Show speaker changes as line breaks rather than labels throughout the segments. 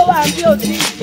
ló wà ń bí òtí.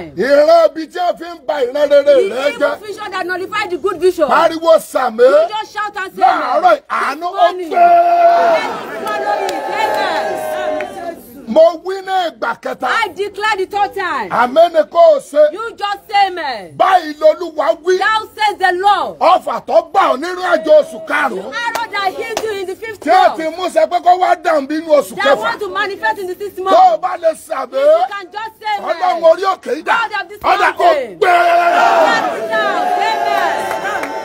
time. ìran ibi tí a fi ń ba ìran rere rẹ jẹ́. the evil vision that nullify the good vision. pariwo sàmé. you just shout and say amen. láàárọ̀ àánú ó fẹ́. let it follow you amen. Mo wí ní kẹta. I declare the third time. Àmín ṣe. You just say amen. Báyìí lolúwa wí. Thou says the law. Ọfà tó gbà ọ́ nínú àjọ oṣù karùn-ún. The arrow that hit you in the fifth month. Tí o ti mú pé kó wá dàn bí inú oṣù kẹfà. That want to manifest in the sixth month. Tó o bá lè ṣàbẹ̀. you can just say amen. Ọlọ́run orí òkè ìdá. God of this mountain. Ọ̀dà kò gbẹ́ẹ́.
Let's now say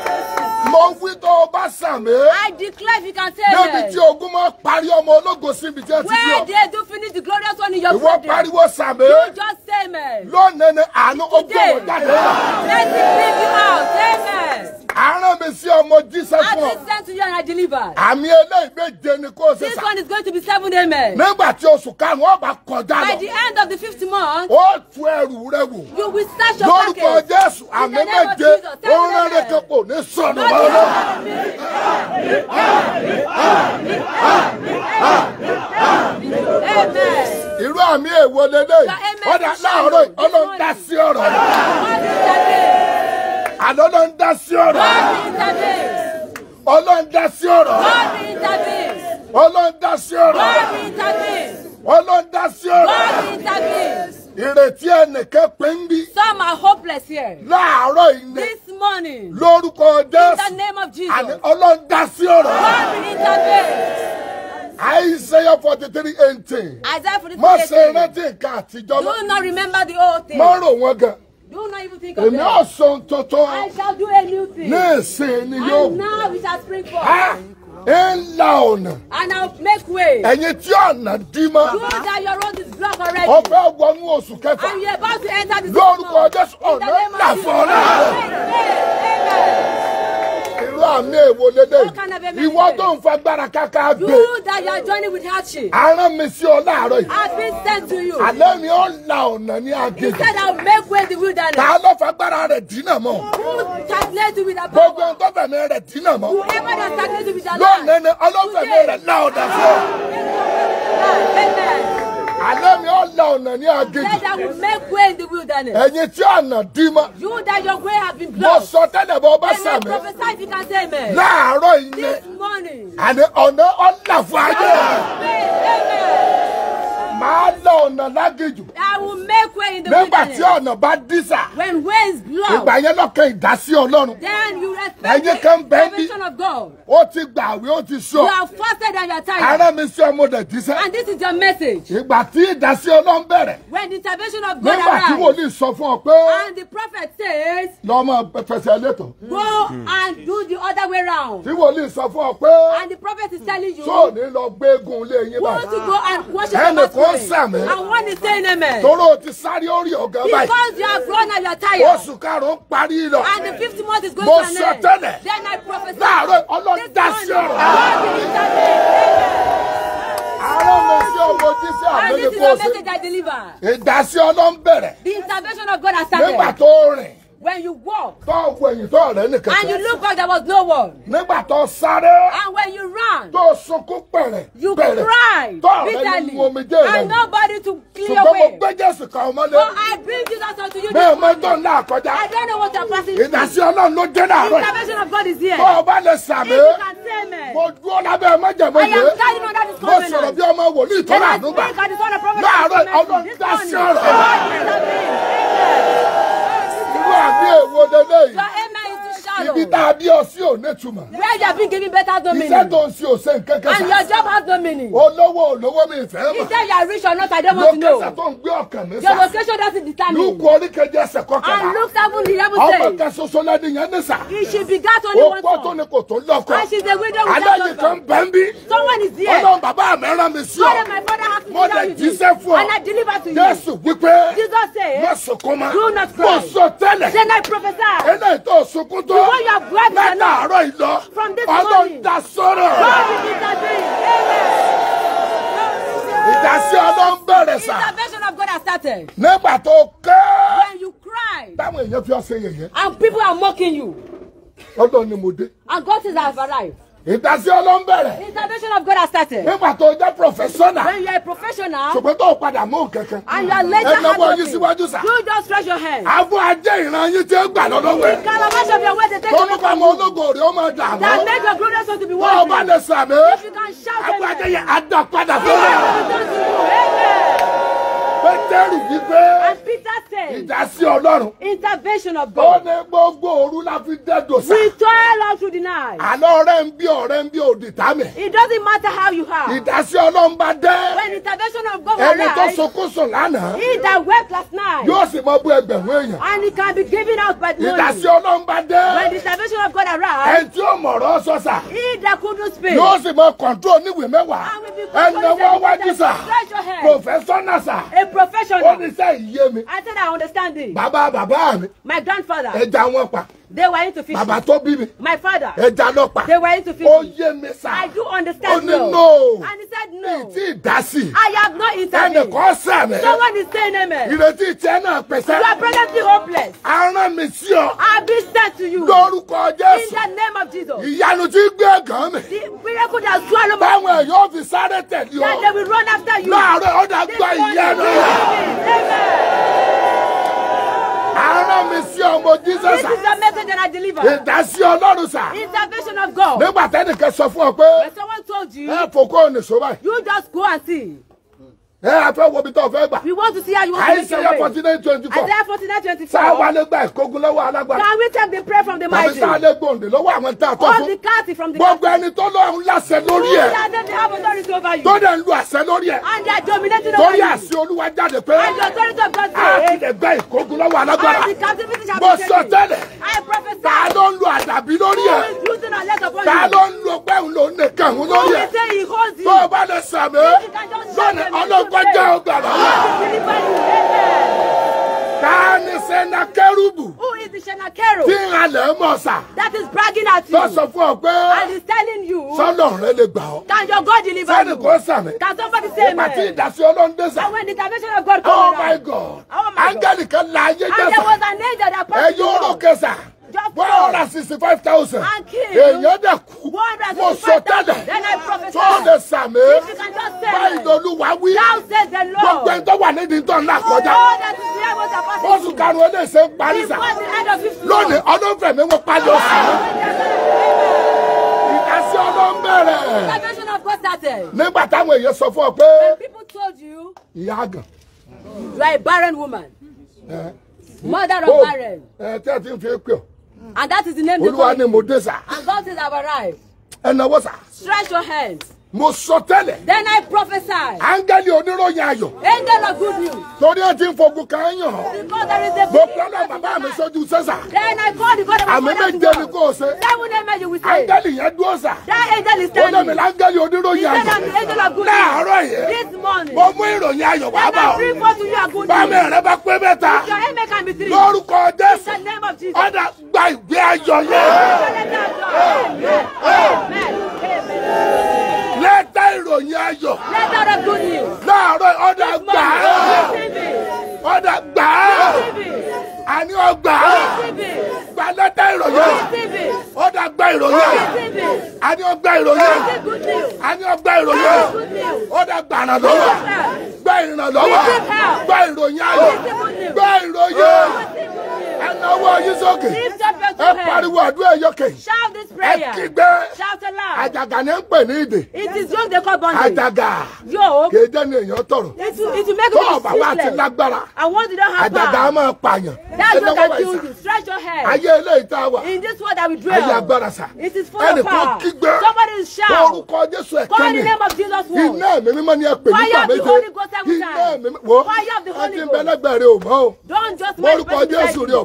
mo wí tó o bá sàmé. I declare if you can say it. Débi tí ogun máa parí ọmọ ológo síbi tí ẹ ti bí ọ. Where they do finish the glorious one in your program. Ìwọ pariwo sàmé. You just say amen.
Lónìí ni àánú ó gbé wọn jáde.
Let me bring you out. Say, Amen àárọ̀ mi sí ọmọ jíṣẹ́ fún ọ. I will send to you and I deliver. àmì eléyìí ni kó ṣe sá. This one is going to be seven amen. nígbà tí oṣù karùn-ún ọba kọjá lọ. By the end of the fifth month. ó tu ẹrù rẹ wò. You will start your pocket. lórúkọ Jésù àmì méje ó ń rẹ́rẹ́
kẹ́pọ̀ ní sọ̀nù lọ́wọ́. Irú àmì èwo lélẹ́yìí? Ọ̀dà láàárọ̀ ọlọ́dá sí ọ̀rọ̀ rẹ̀ àlọ́lọ́ ń dá sí ọ̀rọ̀. ọlọ́run dá sí ọ̀rọ̀. ọlọ́run dá sí ọ̀rọ̀. ọlọ́run dá
sí ọ̀rọ̀.
Ìrètí ẹnìkan pé ń bí.
Some are hopeless here. Láàárọ̀ ilé. This morning. Lórúkọ Jésù. In the name of Jesus. Àní ọlọ́run dá sí ọ̀rọ̀. God intervene. Isaiah forty three eighteen. Isaiah forty three eighteen. Má ṣe rántí nǹkan àtijọ́. Do not remember the old thing. Má rò wọ́n gan. Do not even think of Èmi á I shall do a new thing. Ní ìsìn ni And now we shall spring forth. Ah! ńlá ọ̀nà. and i make way. ẹ̀yin tí ọ̀nà dí mọ́. you that your road is blocked already. ọ̀fẹ́ and you about to enter the. lórúkọ Jésù ọ̀nà ńlá fún ọ náà pẹ̀lú àmì èwo lédè ìwọ tó ń fagbára káká gbé. aràn mi sí ọ láàárọ̀ yìí. I have been sent to you. àlẹ́ mi ó la ọ̀nà ní agége. I will make way ta ló fagbára rẹ̀ dínà mọ́. gbogbo nǹkan rẹ̀ dínà mọ́. lónìí ni ọlọ́fẹ̀mí rẹ̀ náà dà fún ọ.
Àná mi ó la ọ̀nà ní agéjì. Let that will
make way in the wilderness. Ẹ̀yin
tí ọ̀nà dí mọ́.
You that your way have been blocked.
Mo sọ tẹ́lẹ̀ bọ́ ọba sàmì. And
I if you can say amen. Láàárọ̀ yìí ni. This morning. Àní ọ̀nà
ọ̀là fún ayé.
Amen. Màá
la ọ̀nà lágéjù.
I will make way in the wilderness. Nígbà tí ọ̀nà
bá dísà. When ways blow. Ìgbà yẹn lọ́kàn ìdásí Ọlọ́run.
Then you respect the intervention
of God. Ó ti gbàwé, ó ti sọ. You are
fasted and you are tired. Ará mi
sí ọmọ dẹ̀ dísẹ́. And this is your message. Ìgbà tí ìdásí Ọlọ́run bẹ̀rẹ̀.
When the intervention of God arrives. Nígbà tí wòlíì
sọ fún ọ pé. And
the prophet says.
Lọ́mọ fẹsẹ̀ létò. Go and do the other way round. Tí wòlíì sọ fún ọ
pé. And the prophet is telling you. Sọ ni lọ gbé egun ilé yín báyìí. Wọ́n ti go and worship the Lord. Ẹnì kan sàmì. And one is saying amen tóró ti sáré orí ọ̀gá báyìí. because you are grown and you are tired. oṣù karùn-ún parí lọ. and the fifty month is going to an end. mo sọ tẹ́lẹ̀. then I prophesy. láàárọ̀ ọlọ́run dá sí ọ̀rọ̀. Àwọn ọmọ sí ọmọ jíṣẹ́ àgbẹ̀lẹ̀ kó I deliver.
Ìdásí ọlọ́run bẹ̀rẹ̀.
The intervention of God has started. Nígbà tó rìn when you walk. tó wo ẹ̀yìn rẹ̀ nìkan. and you
look like there was no one. nígbà tó sáré.
and when you run, tó sunkún pẹ̀rẹ̀. you cry bitterly and nobody to clear way. ṣùgbọ́n mo gbé Jésù kan ọmọ lé. so I bring Jesus unto you this morning. mi ò mọ tó ń là kọjá. I don't know what your are passing through. ìdásí Ọlọ́run ló dé náà rẹ̀. intervention of God is here. tó o bá lè sàmì. if you can say amen. mo dúró I am standing on
that discovery. mo sọ̀rọ̀ bí ọmọ wòlíì irú àmì
èwo lélẹ́yìí follow. Ibi tá a bí ọ sí ò Where you have been giving better than me? Iṣẹ́ tó ń ṣe ò ṣe And your job has no meaning. Olówó olówó mi fẹ́ mọ̀. He said you are rich or not I don't want to know. Lókèsè tó ń gbé ọkàn mi sá. Your location doesn't determine. Lúkú
oríkejì ẹsẹ̀ kọkànlá. And Luke seven eleven says. Ọmọ kan ṣoṣo lẹ́ni yẹn ní should be begat only one son. Opó tó ni kò tó lọ́kọ. And she's a widow without husband. Aláyè kan bẹ́ẹ̀ bí.
Someone is here. Ọlọ́run bàbá mi rán mi sí ọ. Father my father has to be there with you. Mo lè jíṣẹ́ fún ọ. And I deliver to you. Jésù wípé. Jesus said. Má Do not cry. Mo sọ tẹ́lẹ̀. Then I prophesy. Eléyìí what you have grabbed tonight. látàárọ̀ ìlọ ọlọ́run dá God is
intervening. Amen. ìdásí ọlọ́run
bẹ̀rẹ̀ sá. Intervention of God has started. nígbà tó kẹ́. When you cry. táwọn èèyàn fi ọ́ ṣe yẹ̀yẹ́. And people are mocking you. ọdọ ni mo dé. And God is I have ìdásí Ọlọ́run intervention of God has started. nígbà tó jẹ́ professional. when you are a professional. ṣùgbọ́n tó
padà mú kankan. and your later hand of it. síwájú sá. you
just stretch your hand. àbọ̀
ajé ìran yín ti ń gbà lọ́dọ̀ wẹ̀. the calabash of your way dey take away from you. tó nípa àwọn ológun òde ó máa dààmú. that make
your glorious son to be worthy. tó bá lè sàmì. if you can shout amen. àbọ̀ ajé yẹn á dà padà fún wa. and Peter ìdásí ọlọ́run. intervention of God. ó ní gbogbo òru la fi dẹ́dọ̀ sá. we toil all through the night. àlọ́ ọ̀rẹ́ ń bí ọ̀rẹ́ ń bí òdì támẹ̀. it doesn't matter how you are. ìdásí ọlọ́run bá dẹ́. when intervention of God arrives. ẹni tó sokóso lánàá. he that wept last night. yóò sì mọ bú ẹgbẹ̀rún èèyàn. and he can be given out by the morning. ìdásí ọlọ́run bá dẹ́. when intervention of God arrives. ẹni tí ó mọ̀rọ̀ sọ sà. he that couldn't speak. yóò sì mọ control níwèé mẹ́wàá. and will be controlled by the leader. ẹnìwọ́ wájú sà. professor nasa. a professional. ó ní sẹ́ ìyé mi. I said I understand understanding. bàbá bàbá mi. my grandfather. ẹja wọn pa. they were into fishing. bàbá tó bí mi. my father. ẹja lọ pa. they were into fishing. ó yé mi sá. I do understand oh, ó ní no. and he said no. mi ti I have no interview. ẹnìkan sẹ̀ mi. someone is saying amen. ìrètí tiẹ̀ náà pèsè. you are presently hopeless. aràn mi sí ọ. I be sent to you. lórúkọ Jésù. in the name of Jesus. ìyanu ti gbé gan mi. the miracle that swallow my. báwọn èèyàn fi sáré tẹ̀lé ọ. that they will run after you. láàárọ̀ ọ̀dà gba ìyẹn náà.
amen náà
mi sí ọmọ Jesus. This is the message that I deliver. Ìdásí Ọlọ́run sà. vision of God. Nígbà tẹ́nìkan sọ
fún ọ pé. When someone told you. Ẹ fòkó òní sọ báyìí. You just go and see ẹ a fẹ́ wo ibi tó fẹ́ gbà. you want to see how you want to make your way. àìsíyá forty nine twenty four. àìsíyá forty
nine twenty four. sáà wà
gba ìkógun lọ́wọ́
alágbára. can we take the prayer from the mighty. tàbí sáà lè
gbòǹde lọ́wọ́ àwọn tá a tọ́ fún. all the cat from the. gbogbo ẹni tó lọ́run láṣẹ lórí ẹ̀.
have authority over you. tó dẹ̀ ń lu àṣẹ lórí ẹ̀. and they are dominating over you. torí àṣẹ
olúwa jáde pé. and the authority of God say. a ti lè gba ìkógun lọ́wọ́ alágbára. and the
captivity shall be taken. mo sọ tẹ́lẹ̀. I prophesy. ta ló ń lu àdàbí lórí ẹ̀. who is using our legs upon you.
say he holds you. tó o bá lè sàmì. lónìí ọlọ́g kọjá ògbàlà.
Ta ni Sena Kerubu? Who is the Sena Kerubu? Tí ìhàlẹ̀ mọ̀ That is bragging at you. Lọ sọ fún ọ pé. And he is telling you. Sọ́nà rẹ lè gbà ọ́. Can your God deliver you? Sẹ́ni kò sàmì. Can somebody say amen? Ìpàtí ìdásí ọlọ́ndé sà. And when the intervention of God comes. Oh my God. Oh my God. Angelica la ayé jẹ́ And there was an angel that passed. Ẹyọ orókè sà one hundred and sixty five thousand èèyàn dẹ̀ kú mo sọ dada tó lè sàmì báyìí lolúwa wí gbogbo ẹni tó wà nídìí tó ńlá kọjá oṣù karùn-ún ẹlẹ́sẹ̀ ń parí sà lónìí
ọdún fẹ̀mí wọn parí oṣù
ìdásí ọdún bẹ̀rẹ̀ nígbà
táwọn èèyàn sọ fún ọ pé ìyá àgàn.
you are a barren woman. Eh? Mother of oh, barren. Eh, and that is the name. of ni mo and God is I right. And now nawọ́ sá. stretch your hands mo sọ tẹ́lẹ̀. then I prophesy.
angeli oníròyìn ayọ̀. angel of good news. torí ẹ ti ń fogun kan yàn. because there is a good news. mo pẹ́lú bàbá mi sójú sẹ́sà.
then I call the God of my father to go. àmì méje ni kò ṣe. seven name measure we say. angeli yẹn dúró sà. that angel is standing. olómi angeli oníròyìn ayọ̀. he said I'm angel of good news. láàárọ̀ yẹn. this morning. mo mú ìròyìn ayọ̀ wá bá ọ. then I bring forth to you a good news. bámi rẹ bá pé mẹ́ta. if your aim can be three. lórúkọ Jésù. in the name of Jesus. ọ̀dà
gba ìgbé ayọ̀ yẹn. amen
amen amen
ìròyìn ayọ̀. lẹ́tọ̀rọ̀ good news. láàárọ̀ ọ̀dà gbà á. ọ̀dà gbà á. àní ọgbà á. gba lẹ́tọ̀ ìròyìn. ọ̀dà gba ìròyìn. àní ọgbà ìròyìn. àní ọgbà ìròyìn.
ọ̀dà gbà ìrànlọ́wọ́.
gba ìrànlọ́wọ́. gba ìròyìn ayọ̀. gba ìròyìn
anáwó yín
sókè ẹ pariwo àdúrà yọkè
ẹ kígbe àjàgà ni ń pè ní ìdè àjàgà
kéde ni èèyàn tọrọ tó ọba wa ti lágbára
àjàgà a máa pààyàn ayé eléyìí tá a wà ayé agbára sa ẹnìkan kígbe orúkọ Jésù ẹ̀kẹ́ ni iná
mi mímọ́ ni ẹ pè nígbà méje iná mi mímọ́ wo ẹ ti ń bẹ́lẹ́gbẹ̀rẹ̀ o mọ́
o orúkọ Jésù rẹ o.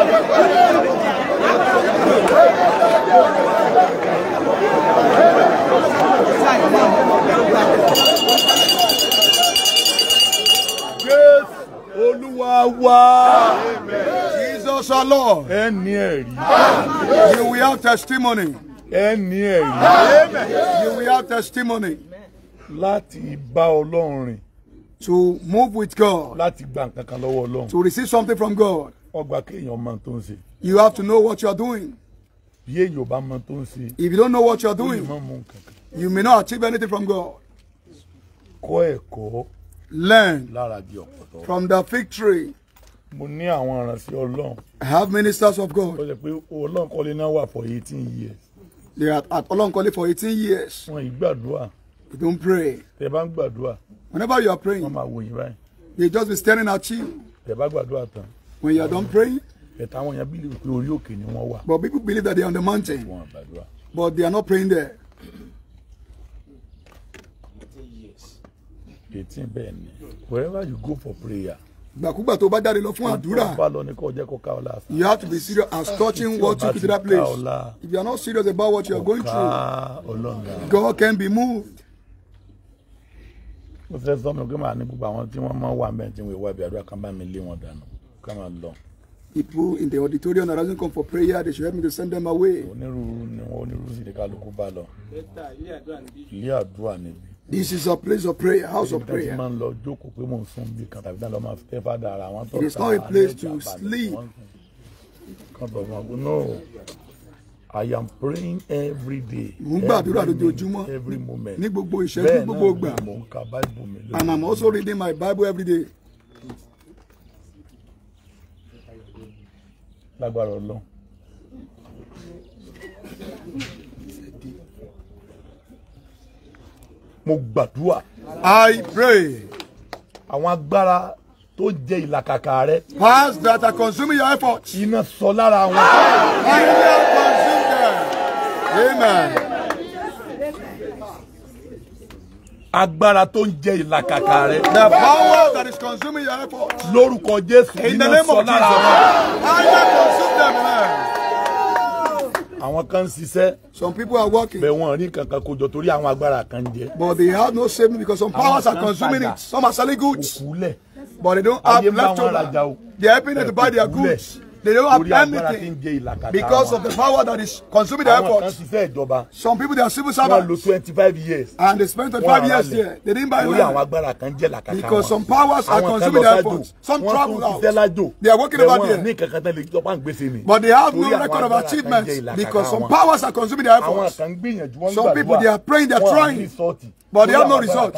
Jesus our Lord. Ẹni ẹ̀rí. You have testimony. Ẹni ẹ̀rí. You will have testimony. Láti bá Ọlọ́run rìn. To move with God. Láti gba nǹkan kan lọ́wọ́ To receive something from God ọgbà kéèyàn mọ tó ń ṣe. you have to know what you are doing. bí èèyàn bá mọ tó ń ṣe. if you don't know what you are doing. you may not achieve anything from God. kọ́ ẹ̀kọ́. learn lára bí ọ̀pọ̀tọ́. from the fig tree. mo ní àwọn aránṣẹ́ Ọlọ́run. I have ministers of God. ó jẹ́ pé Ọlọ́run kọ́lé náà wà for eighteen years. they are at Ọlọ́run kọ́lé for eighteen years. wọn ì gbàdúrà. you don't pray. tẹ bá ń gbàdúrà. whenever you are praying. wọn máa wò báyìí. they just be staring at you. tẹ bá gbàdúrà tán. When you are done praying, but people believe that they are on the mountain, but they are not praying there. 18 bẹ́ẹ̀ ni wherever you go for prayer. you have to be serious as touching what took you to that place if you are not serious about what you are going through God can be moved. mo fẹ́ sọ mi pé màá ní gbogbo àwọn tí wọ́n máa wà mẹ́rin tí wọ́n wá ibi àdúrà kan bá mi lé wọn dànù. Come along. People in the auditorium that doesn't come for prayer, they should help me to send them away. This is a place of prayer, house of prayer. It is not a place to sleep. No. I am praying every day. Mo ń Every moment. And I'm also reading my Bible every day. lágbára Ọlọ́run. mo gbàdúrà. I pray. àwọn agbára tó jẹ ìlàkàkà rẹ. powers that are consuming your efforts. iná sọ lára wọn. I
will consume them. Amen.
agbára tó ń jẹ ìlàkàkà rẹ. the power that is consuming your effort. lórúkọ jésù iná sọ lára wọn. either consume them
now.
àwọn kan ń ṣiṣẹ́. some people are working. bẹ́ẹ̀ wọ́n rí kankan kojọ torí àwọn agbára kan jẹ. but they have no saving because some powers are consuming it some are selling goods. but they don't have leftover. they are helping them to buy their goods they don't have anything because of the power that is consuming their efforts. some people they are civil servants. wọ́n twenty five years. and they spent twenty five years there they didn't buy land. because some powers are consuming their efforts. some travel out they are working over there. but they have no record of achievements because some powers are consuming their efforts. some people they are praying they are trying but they have no result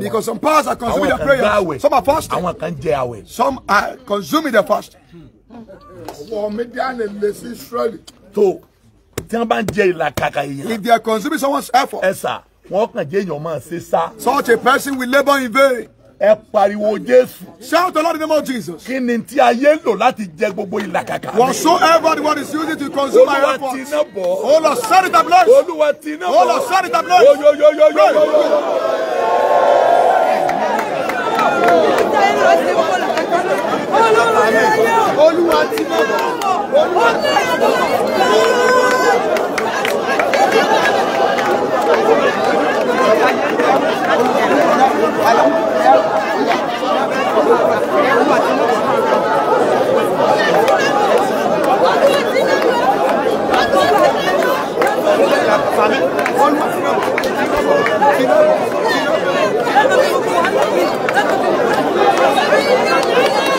because some powers are consuming their prayers some are fasting some are consuming their fasting
ọwọ́
mídíánì lè sí Israeli. tó tí wọ́n bá ń jẹ ìlàkàkà èèyàn. if they are consuming someone's effort. ẹ sà wọn kàn jẹ èèyàn máa ṣe sá. such a person will labour in vain. ẹ pariwo Jésù. shout the Lord in the name of Jesus. kí ni tí ayé lò láti jẹ gbogbo ìlàkàkà mi. whatsoever the word is using to consume my effort. olúwa ti iná bọ̀. ó lọ sẹ́ni tàbí lọ́ọ̀sì. olúwa iná bọ̀. ó tàbí lọ́ọ̀sì. oyoyoyoyo
olúwa ti mọ̀ olúwa ti Thank you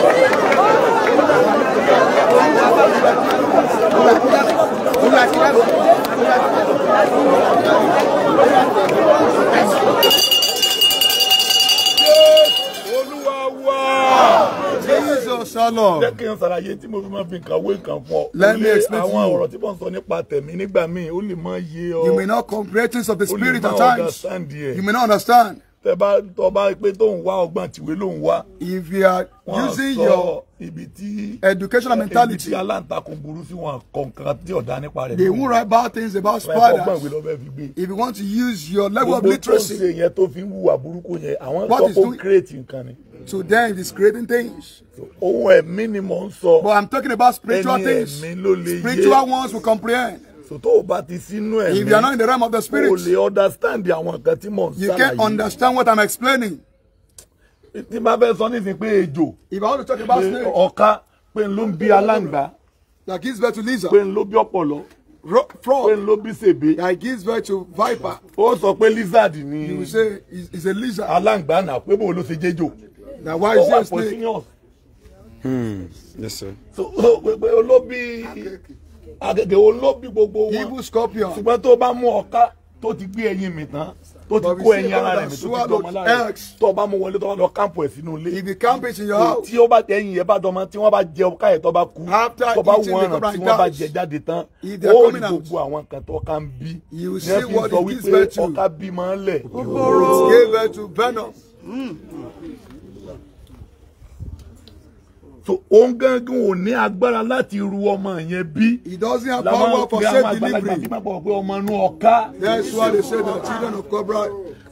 sọ́nà. jẹ́
let me explain to you. you may not comprehend things of the spirit of times. you may not understand tẹ bá tọ bá pé tóun wá ọgbọ́n tìwé lòun wá. if you are using your ibi tí educational mentality. ibi tí aláǹtakùn burú sí wọn kọ̀ọ̀kan tí ọ̀dà nípa rẹ̀. they won't write bad things about spiders. if you want to use your level of literacy. gbogbo tó ń ṣe yẹn tó fi ń hùwà burúkú yẹn àwọn tó kó create nǹkan ni. to them it is creating things. ohun ẹ̀mí ni mò ń sọ. but I'm talking about spiritual things. spiritual ones will comprehend so tó o ti sínú ẹ̀ if you are not in the realm of the spirit. o understand àwọn nǹkan tí mò ń you can't understand what I'm explaining. tí bá fẹ́ sọ nísìnyí pé ejò. if I want to talk about snake. Oka pé n ló ń bí aláǹgbá. that gives birth to lizard. pé n ló bí ọ̀pọ̀lọ́. frog pé n ló bí that gives birth to viper. ó sọ pé lizard ni. you say is a lizard. aláǹgbá náà pé bó ló ṣe jẹjọ. Now, why is there snake. ó
hmm, yes sir.
so olóbi. So, àgègè olóbi gbogbo wọn evil scorpion ṣùgbọ́n tó bá mú ọ̀ká tó ti gbé ẹyin mi tán tó ti kó ẹyin ara rẹ̀ mi tó ti dọ̀mọ́ lára tó bá mú wọlé tó bá lọ kámpù ẹ̀ sínú ilé ibi kámpù ẹ̀ sì yọ tí ó bá tẹ ẹyin yẹn bá dọmọ tí wọ́n bá jẹ ọ̀ká yẹn tó bá kú tó bá wọ́n ràn tí wọ́n bá jẹ jáde tán ó ní gbogbo àwọn kan tó ká bí ní ẹ sọ wípé ọ̀ká bí máa ń lẹ̀ so òun gangan ò ní agbára láti ru ọmọ yẹn bí. he doesn't have power for safe delivery. làwọn àgbàlagbà pé ọmọ inú ọ̀ka. that's why they say the children of Cobra.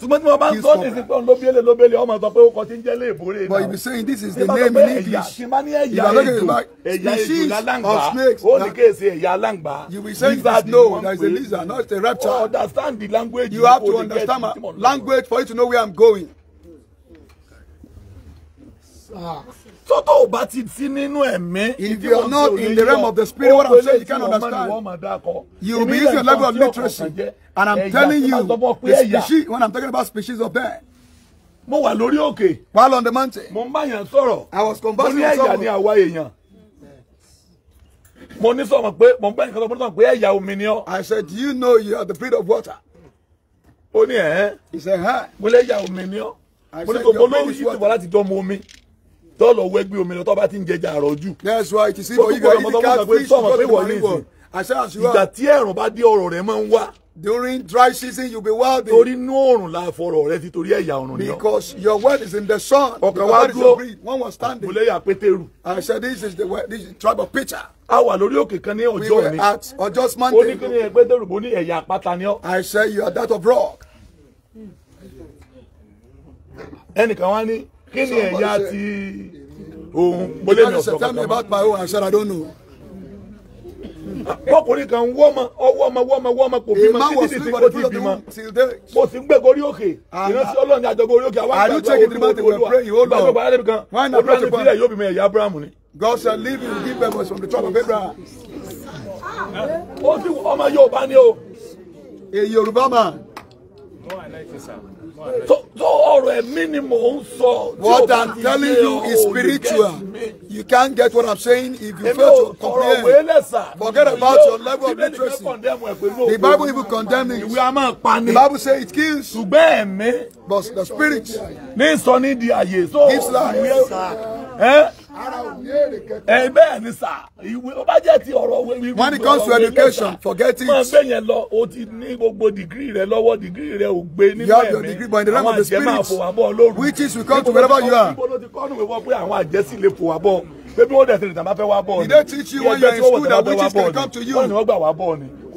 ṣùgbọ́n tí wọ́n bá ń sọ ní ìsìnkú lóbíẹ́lẹ̀ lóbíẹ́lẹ̀ ọmọ sọ pé ó kọ ń jẹ́ léèbórè náà. but you be saying this is the name in English. tí bá ní ẹ̀yà ejò ẹ̀yà ejò lálàǹgbá ó ní kéèsì ẹ̀yà alàǹgbá. you be saying this no there is a lizard not a rapture. understand the language. you have to understand my language for you to know where I'm going so tó o bá ti sí nínú if you are not in the realm of the spirit what i'm saying you can't understand you will be using your level of literacy and i'm telling you the species when i'm talking about species of bird. mo wà lórí òkè. while on the mountain. mo ń bá yàn i was conversing with someone. mo ní ẹ̀yà ní àwa èèyàn. mo ní sọ̀rọ̀ pé mo ń bá yàn sọ̀rọ̀ pé ẹ̀yà omi ni ọ́. i said do you know you are the breed of water. ó ní ẹ̀ he said hi. mo lẹ́yà omi ni ọ́.
mo ní kò mo lórí ti
wà láti dán omi tó lọ wẹ́gbẹ́ omi lọ tó bá ti ń jẹjà àrọ́jù. that's why it is if you go to catfish you go to marine world àṣà àṣùwà. ìgbà tí ẹ̀rùn bá dé ọ̀rọ̀ rẹ̀ máa ń wá. during dry season you be wild torí inú oòrùn la fọ̀rọ̀ rẹ ti torí ẹ̀yà ọ̀run ni because your word is in the sun. ọkàn wa dúró one was standing. mo pétérù. I said this is the word this is the tribe of Peter. a wà lórí òkè kan ní ọjọ́ mi. we were at ọjọ́ monday. ó ní pétérù bó ní ẹ̀yà I said you are that of rock. ẹnìkan wá kí ni ẹ̀yà ti òun gbọ́lé mi ọ̀sán kankan. tẹ́lẹ̀ bá pa ohun àṣàrà dọ́nù. ọkùnrin kan wọ́mọ ọwọ́mọ wọ́mọ wọ́mọ kò bímọ títí tí kò ti bímọ mo sì ń gbé gorí òkè ah, ìrántí ah. ọlọ́run àjọ gorí òkè àwọn àgbàdo olúwa ìgbàgbọ́ alẹ́ mi kan olúwa ti tilẹ̀ yóò bímọ ẹ̀yà Abrahamu ni. God shall leave you give birth from the tribe of Abraham. ó sì ọmọ Yorùbá ni o. èyí Yorùbá mà. So, so ọ̀rọ̀ ẹ̀mí ni mò ń sọ. What I'm telling you is spiritual. You can't get what I'm saying if you fail to compare. Forget about your level of literacy. The Bible even condemns it. The Bible says it kills. Ṣùgbọ́n ẹ̀mí. But the spirit. Ní sọ ní di àyè. Gives life ẹ eh, bẹ́ẹ̀ when it comes to education forget it. you have your degree but in the realm of the spirit which is we come to wherever you are bébí wọ́n dẹ̀ tẹ̀lé tàbá fẹ́ wá bọ́ọ̀ they teach you when you're in school that witches can come to you.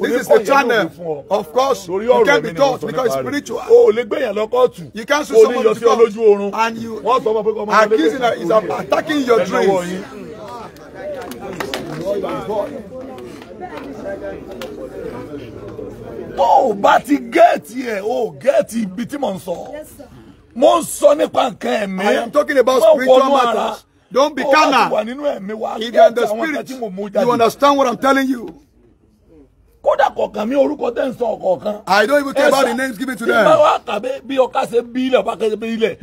this is the channel of course you can be taught because it's spiritual. o ò lè gbẹ̀yàn lọ kóòtù. you can sue somebody to court. and you are accusing is attacking your dreams. Oh, but he ti here. Oh, o gẹ́ẹ̀tì ibi tí mò ń
sọ
mo I am talking about spiritual matters. Don't be carnal. If you in the spirit, you understand what I'm telling you. I don't even care about the names given to them. ìgbà wa kàbé bí ọ̀ka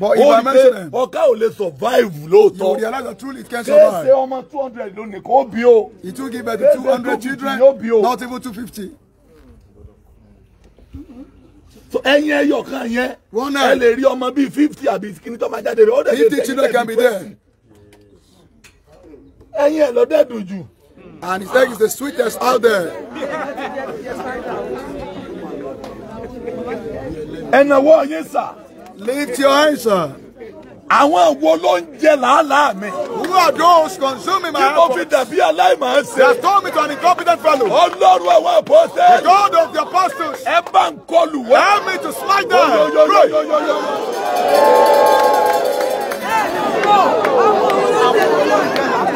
but if I mention them. ọ̀ka ò you realize that truly it can survive. kéèsè ọmọ he too give birth to two hundred children not even two fifty. so ẹyin you can yẹn. one night I'll be rí ọmọ bíi fifty àbí kí ni tó máa jáde rẹ. fifty children can be there ẹyin ẹ̀ lọ́dẹ̀ dùn jù. and his egg is the sweetest out there. ẹ̀nàwó yín sà. lift your hands sir. àwọn wo ló ń jẹ làálàá mi. who are those consuming my apple. kí mo fi dàbí aláìmọ̀ ṣe. they have told me to an incompetent fellow. ọlọ́run àwọn apostles. the God of the apostles. ẹ bá ń kọlù wá. help me to smite down.
pray.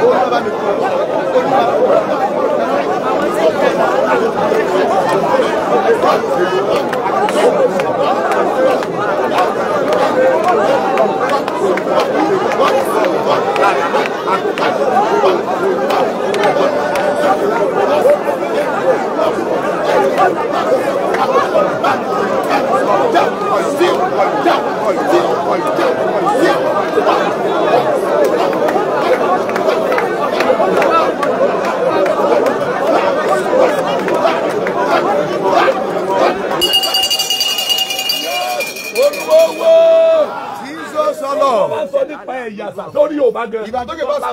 Thank you.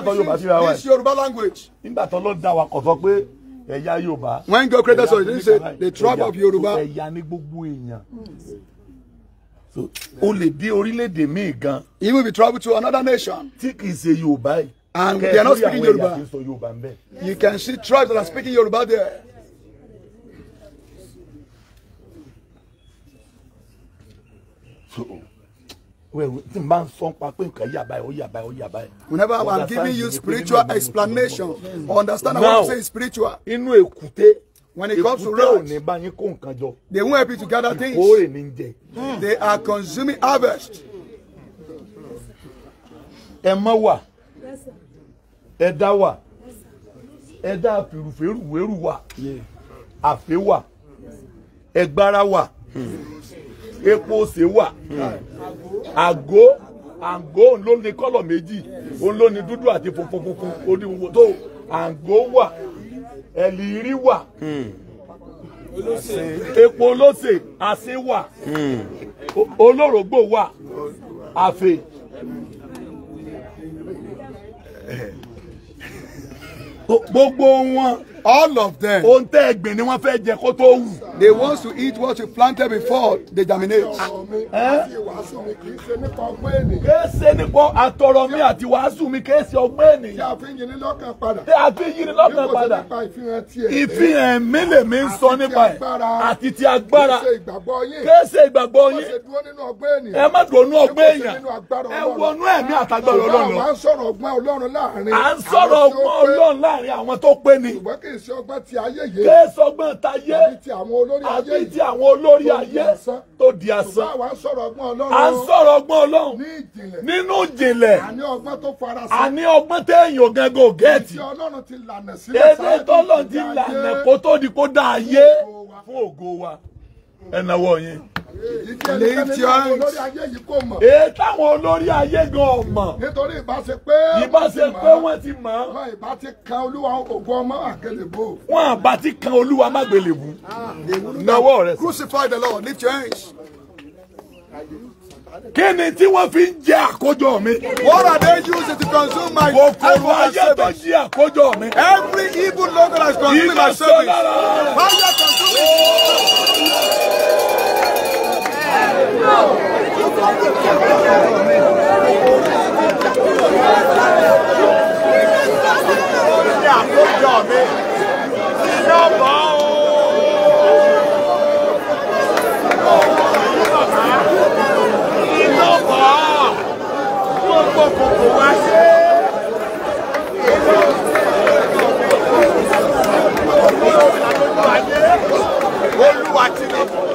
gbọ́ Yorùbá síra wa. this Yorùbá language. nígbà tó ló dá wa kọ̀ sọ pé ẹ̀yà Yorùbá. when God created us he said the tribe of Yorùbá. ẹ̀yà ni gbogbo èèyàn. Hmm. o lè dé orílẹ̀-èdè míì gan. even if you travel to another nation. tí kì í ṣe Yorùbá yìí. and they are not speaking Yorùbá. you can see tribes that are speaking Yorùbá there. uh whenever i am giving you spiritual explanation understand what i'm saying spiritual. inú èkúté when it comes to roads they won't help you to gather things mm. they are consuming harvest. ẹ mọ wà ẹ dá wà ẹ dá àfẹrùfẹrù wẹrù wà àfẹ wà ẹgbára epo ṣe wà àgó àgó òun ló ní kọ́lọ̀ méjì òun ló ní dúdú àti funfun funfun orí funfun tó àgó wa ẹ̀lìrí wà epo olóṣè àṣẹ wà olórógbò wa àfè. gbogbo wọn all of them. ohun tẹ́ ni wọ́n fẹ́ jẹ kó tó wù. they want to eat what you planted before they germinate. Ah, kéèsè nípa àtọ̀rọ̀ mi àti wàásù mi kéèsè ọgbẹ́ ènìyàn. tí a fi yìnyín lọ́kàn padà. tí a fi yìnyín lọ́kàn padà. ìfihàn mi lè mi ń sọ nípa ẹ̀ àti ti agbára kéèsè ìgbàgbọ́ yín. ẹ má dùn ọ̀nù ọgbẹ́ èèyàn ẹ wọnú ẹ̀mí àtàgbà ọlọ́run. à ń sọ̀rọ̀ ọgbọ́n ọlọ́run láàrin àwọn tó pé ni kì í ṣe ọgbọ́n ti ayé yìí. kì í sọgbọ́n ta yé. àbí ti àwọn olórí ayé yìí. àbí ti àwọn olórí ayé tó di asán. ṣùgbọ́n àwa ń sọ̀rọ̀ ọgbọ́n ọlọ́run. à ń sọ̀rọ̀ ọgbọ́n ọlọ́run. ní ìjìnlẹ̀. nínú ìjìnlẹ̀. àní ọgbọ́n tó farasin. àní ọgbọ́n téèyàn gángan ò gẹ́ẹ̀tì. ètò ọlọ́run ti lànà sílẹ̀ sáájú. ètò ọlọ́run ti lànà kó tó di kó dá ayé wa. ẹ nawọ́ lift your hands. èyí táwọn olórí ayé gan ọmọ. nítorí ìbáṣepẹ́ ìbáṣepẹ́ wọ́n ti mọ̀. wọ́n ìbá ti kan olúwa ògùn ọmọ àgbélébù. wọ́n àbá ti kan olúwa mágbélébù. nawọ́ rẹ. crucify the Lord lift your hands. Kí ni tí wọ́n fi ń jẹ àkójọ mi? What are they using to consume my service? Kòkòrò ayé tó jí àkójọ mi. Every evil local has consumed my
service. Fire consume me. Olúwa ti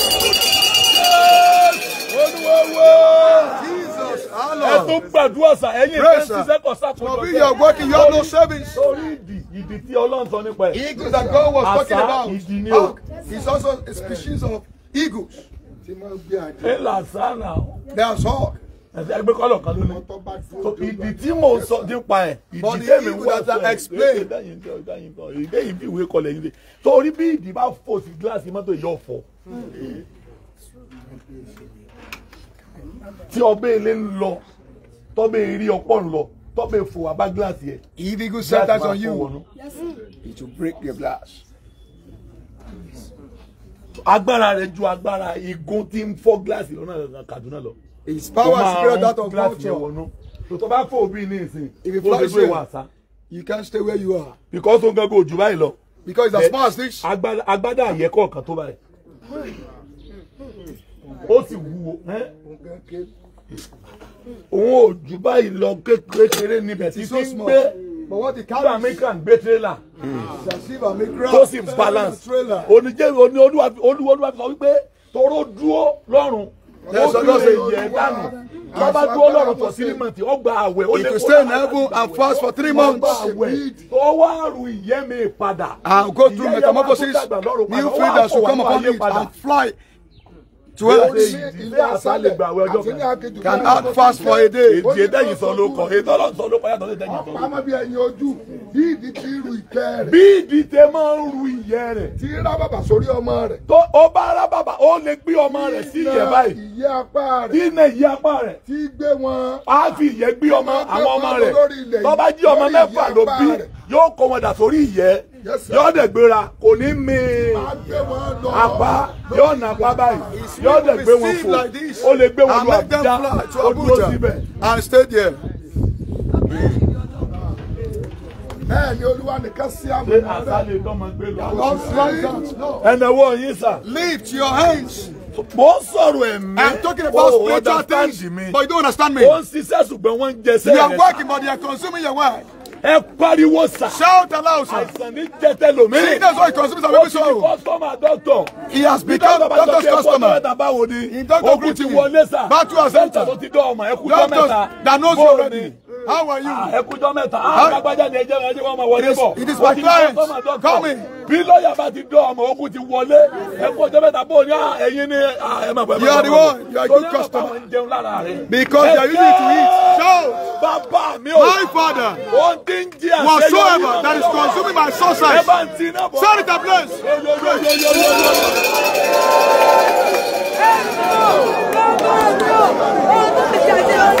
tó
gbàdúrà sà ẹ̀yin ìfẹ́ ṣiṣẹ́ kọ̀ sàkójọ. Tòbí yẹ working you have no savings. Torí ìdì ìdì tí Ọlọ́run sọ nípa ẹ̀. Eagles that God was talking about. Àṣà ni o. It's ah, also a species of eagles. Tí máa ń gbé àjẹ́. Ẹ là sá nà. That's all ẹgbẹ́ kọ́lọ̀ kan ló ní ìdí tí mò ń sọ nípa ẹ̀ ìdí tẹ̀mí wọ́n sọ ẹ̀ ìdí yìí ìwé kọlẹ̀ yìí torí bí ìdí bá fò sí gíláàsì mọ́tò yìí ọ̀fọ̀ hmm. tí ọbẹ̀ ilé ń lọ tọ́bẹ̀ eré ọpọ́n lọ tọ́bẹ̀ fò àbá gíláàsì ẹ̀. if eagle centers on you it will break your glass. agbára rẹ̀ ju agbára igun tí ń fọ́ gíláàsì lọ́nà Kaduna lọ. his power spread out of culture. tó bá fò bí ní ìsìn ó lè gbé wàsá. you can't stay where you are. because ó ń gángan òjò báyìí lọ. because it's as far as this. agbádá àyẹ̀kọ́ kan tó báyìí ó sì wúwo òun ò jù báyìí lọ kékeré níbẹ̀ hmm. tí fi ń gbé gbà mí gbé tírélà tó sì balance oníjẹ́ olúwa sọ wípé tọrọ dúró lọ́rùn ó fi yẹ dànù bàbá dúró lọ́rùn for three months ó gba àwẹ̀ ó lè kó lọ́rùn. stay in and fast for three months. ó gba àwẹ̀ ó wá rù ìyẹ́ mi padà. and go through metamorphosis new freedom should come upon you and fly twelve days asálẹ̀ gba àwẹ̀ ọjọ́ kan cannot fast for a day èdè ẹ̀dẹ́yìn sọ ló kọ èdè ọlọ́run sọ ló kọ yàtọ̀ ẹ̀dẹ́yìn sọ ló kọ. ọ̀pá máa bí ẹyin ojú bí ìdíje ru ìtẹ́ rẹ̀. bí ìdíje máa ń ru ìyẹ́ rẹ̀. tí rá bàbà sórí ọmọ rẹ̀. tó o bá rá bàbà ó lè gbé ọmọ rẹ̀ sí ìyẹ́ báyìí. ìyẹ́ apá rẹ̀. tí iná ìyẹ́ apá rẹ̀. tí gbé wọn. a fi ìyẹ́ gbé ọmọ àwọn ọmọ rẹ̀ tó bá jí ọmọ mẹ́fà ló bí yóò kó wọn dà sórí ìyẹ́ yóò dẹ̀ gbéra kò ní mi
apá yóò
nà apá báyìí yóò dẹ̀ gbé wọn fò ó lè gbé wọn lọ Àbújá ó dúró síbẹ̀. and stay there. bẹ́ẹ̀ ni olúwa nìkan sí àmì náà ẹ̀nàwó yín sà. lift your hands. Mo ń sọ̀rọ̀ ẹ̀mí. I'm talking about oh, spiritual things me. but you don't understand me. Ó ń ṣiṣẹ́ ṣùgbọ́n wọ́n ń jẹ sẹ́yìn. You are working but you are consuming your work ẹ pariwo sa. shout aloud sa. àìsàn ní jẹtẹ lomi. sickness wey consume some people sorrow. ó ti customer doctor. he has become doctor's customer. doctor báwo ni. in doctor greeting. ogun ti wọlé sa. bá tú àṣẹ ìta. doctor tó ti dọ́ ọmọ ẹkú tọ́ mẹ́ta. How are you? Ah, ẹ kújọ́ mẹ́ta. Àgbàgbàjà ah, ni ẹjẹ́ ẹjẹ́ wọn máa wọlé bọ̀. It is my client. Come in. Bí lọ́ọ̀yà bá ti dán ọmọ ogun ti wọlé. Ah, ẹ kújọ́ mẹ́ta bó ní ẹyin ní ẹ̀mọ̀ pẹ̀lú. You are the one. You are a good customer. Because you are using to eat. Shout. Baba, mi ò. My father. One thing
dear, Whatsoever that is consuming my sources. Ẹ bá ń ti iná bọ̀. Send it to place. Hello. Hello. Hello. Hello.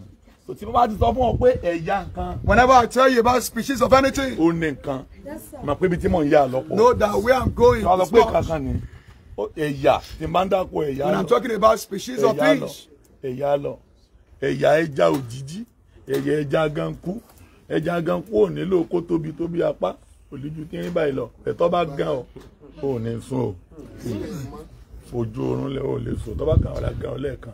tí mo bá ti sọ fún ọ pé ẹ̀yà nǹkan. whenever I tell you about species of anything. ó ní nǹkan mà pé ibi tí mò ń yà lọ́pọ̀. know that where I'm going is not. pé kankan ni ẹ̀yà tí n ń dàpọ̀ ẹ̀yà lọ. when I'm talking about species of things. ẹ̀yà lọ ẹ̀yà ẹja òjijì ẹ̀yà ẹja ganku ẹja ganku ò nílò kó tóbi tóbi apá olùjú kí n báyìí lọ ẹ̀tọ́ bá gan ọ ò ní sùn o ojú oorun lẹ lè sùn tó bá kàn ọ́ la gan ọ lẹ́ẹ̀kan.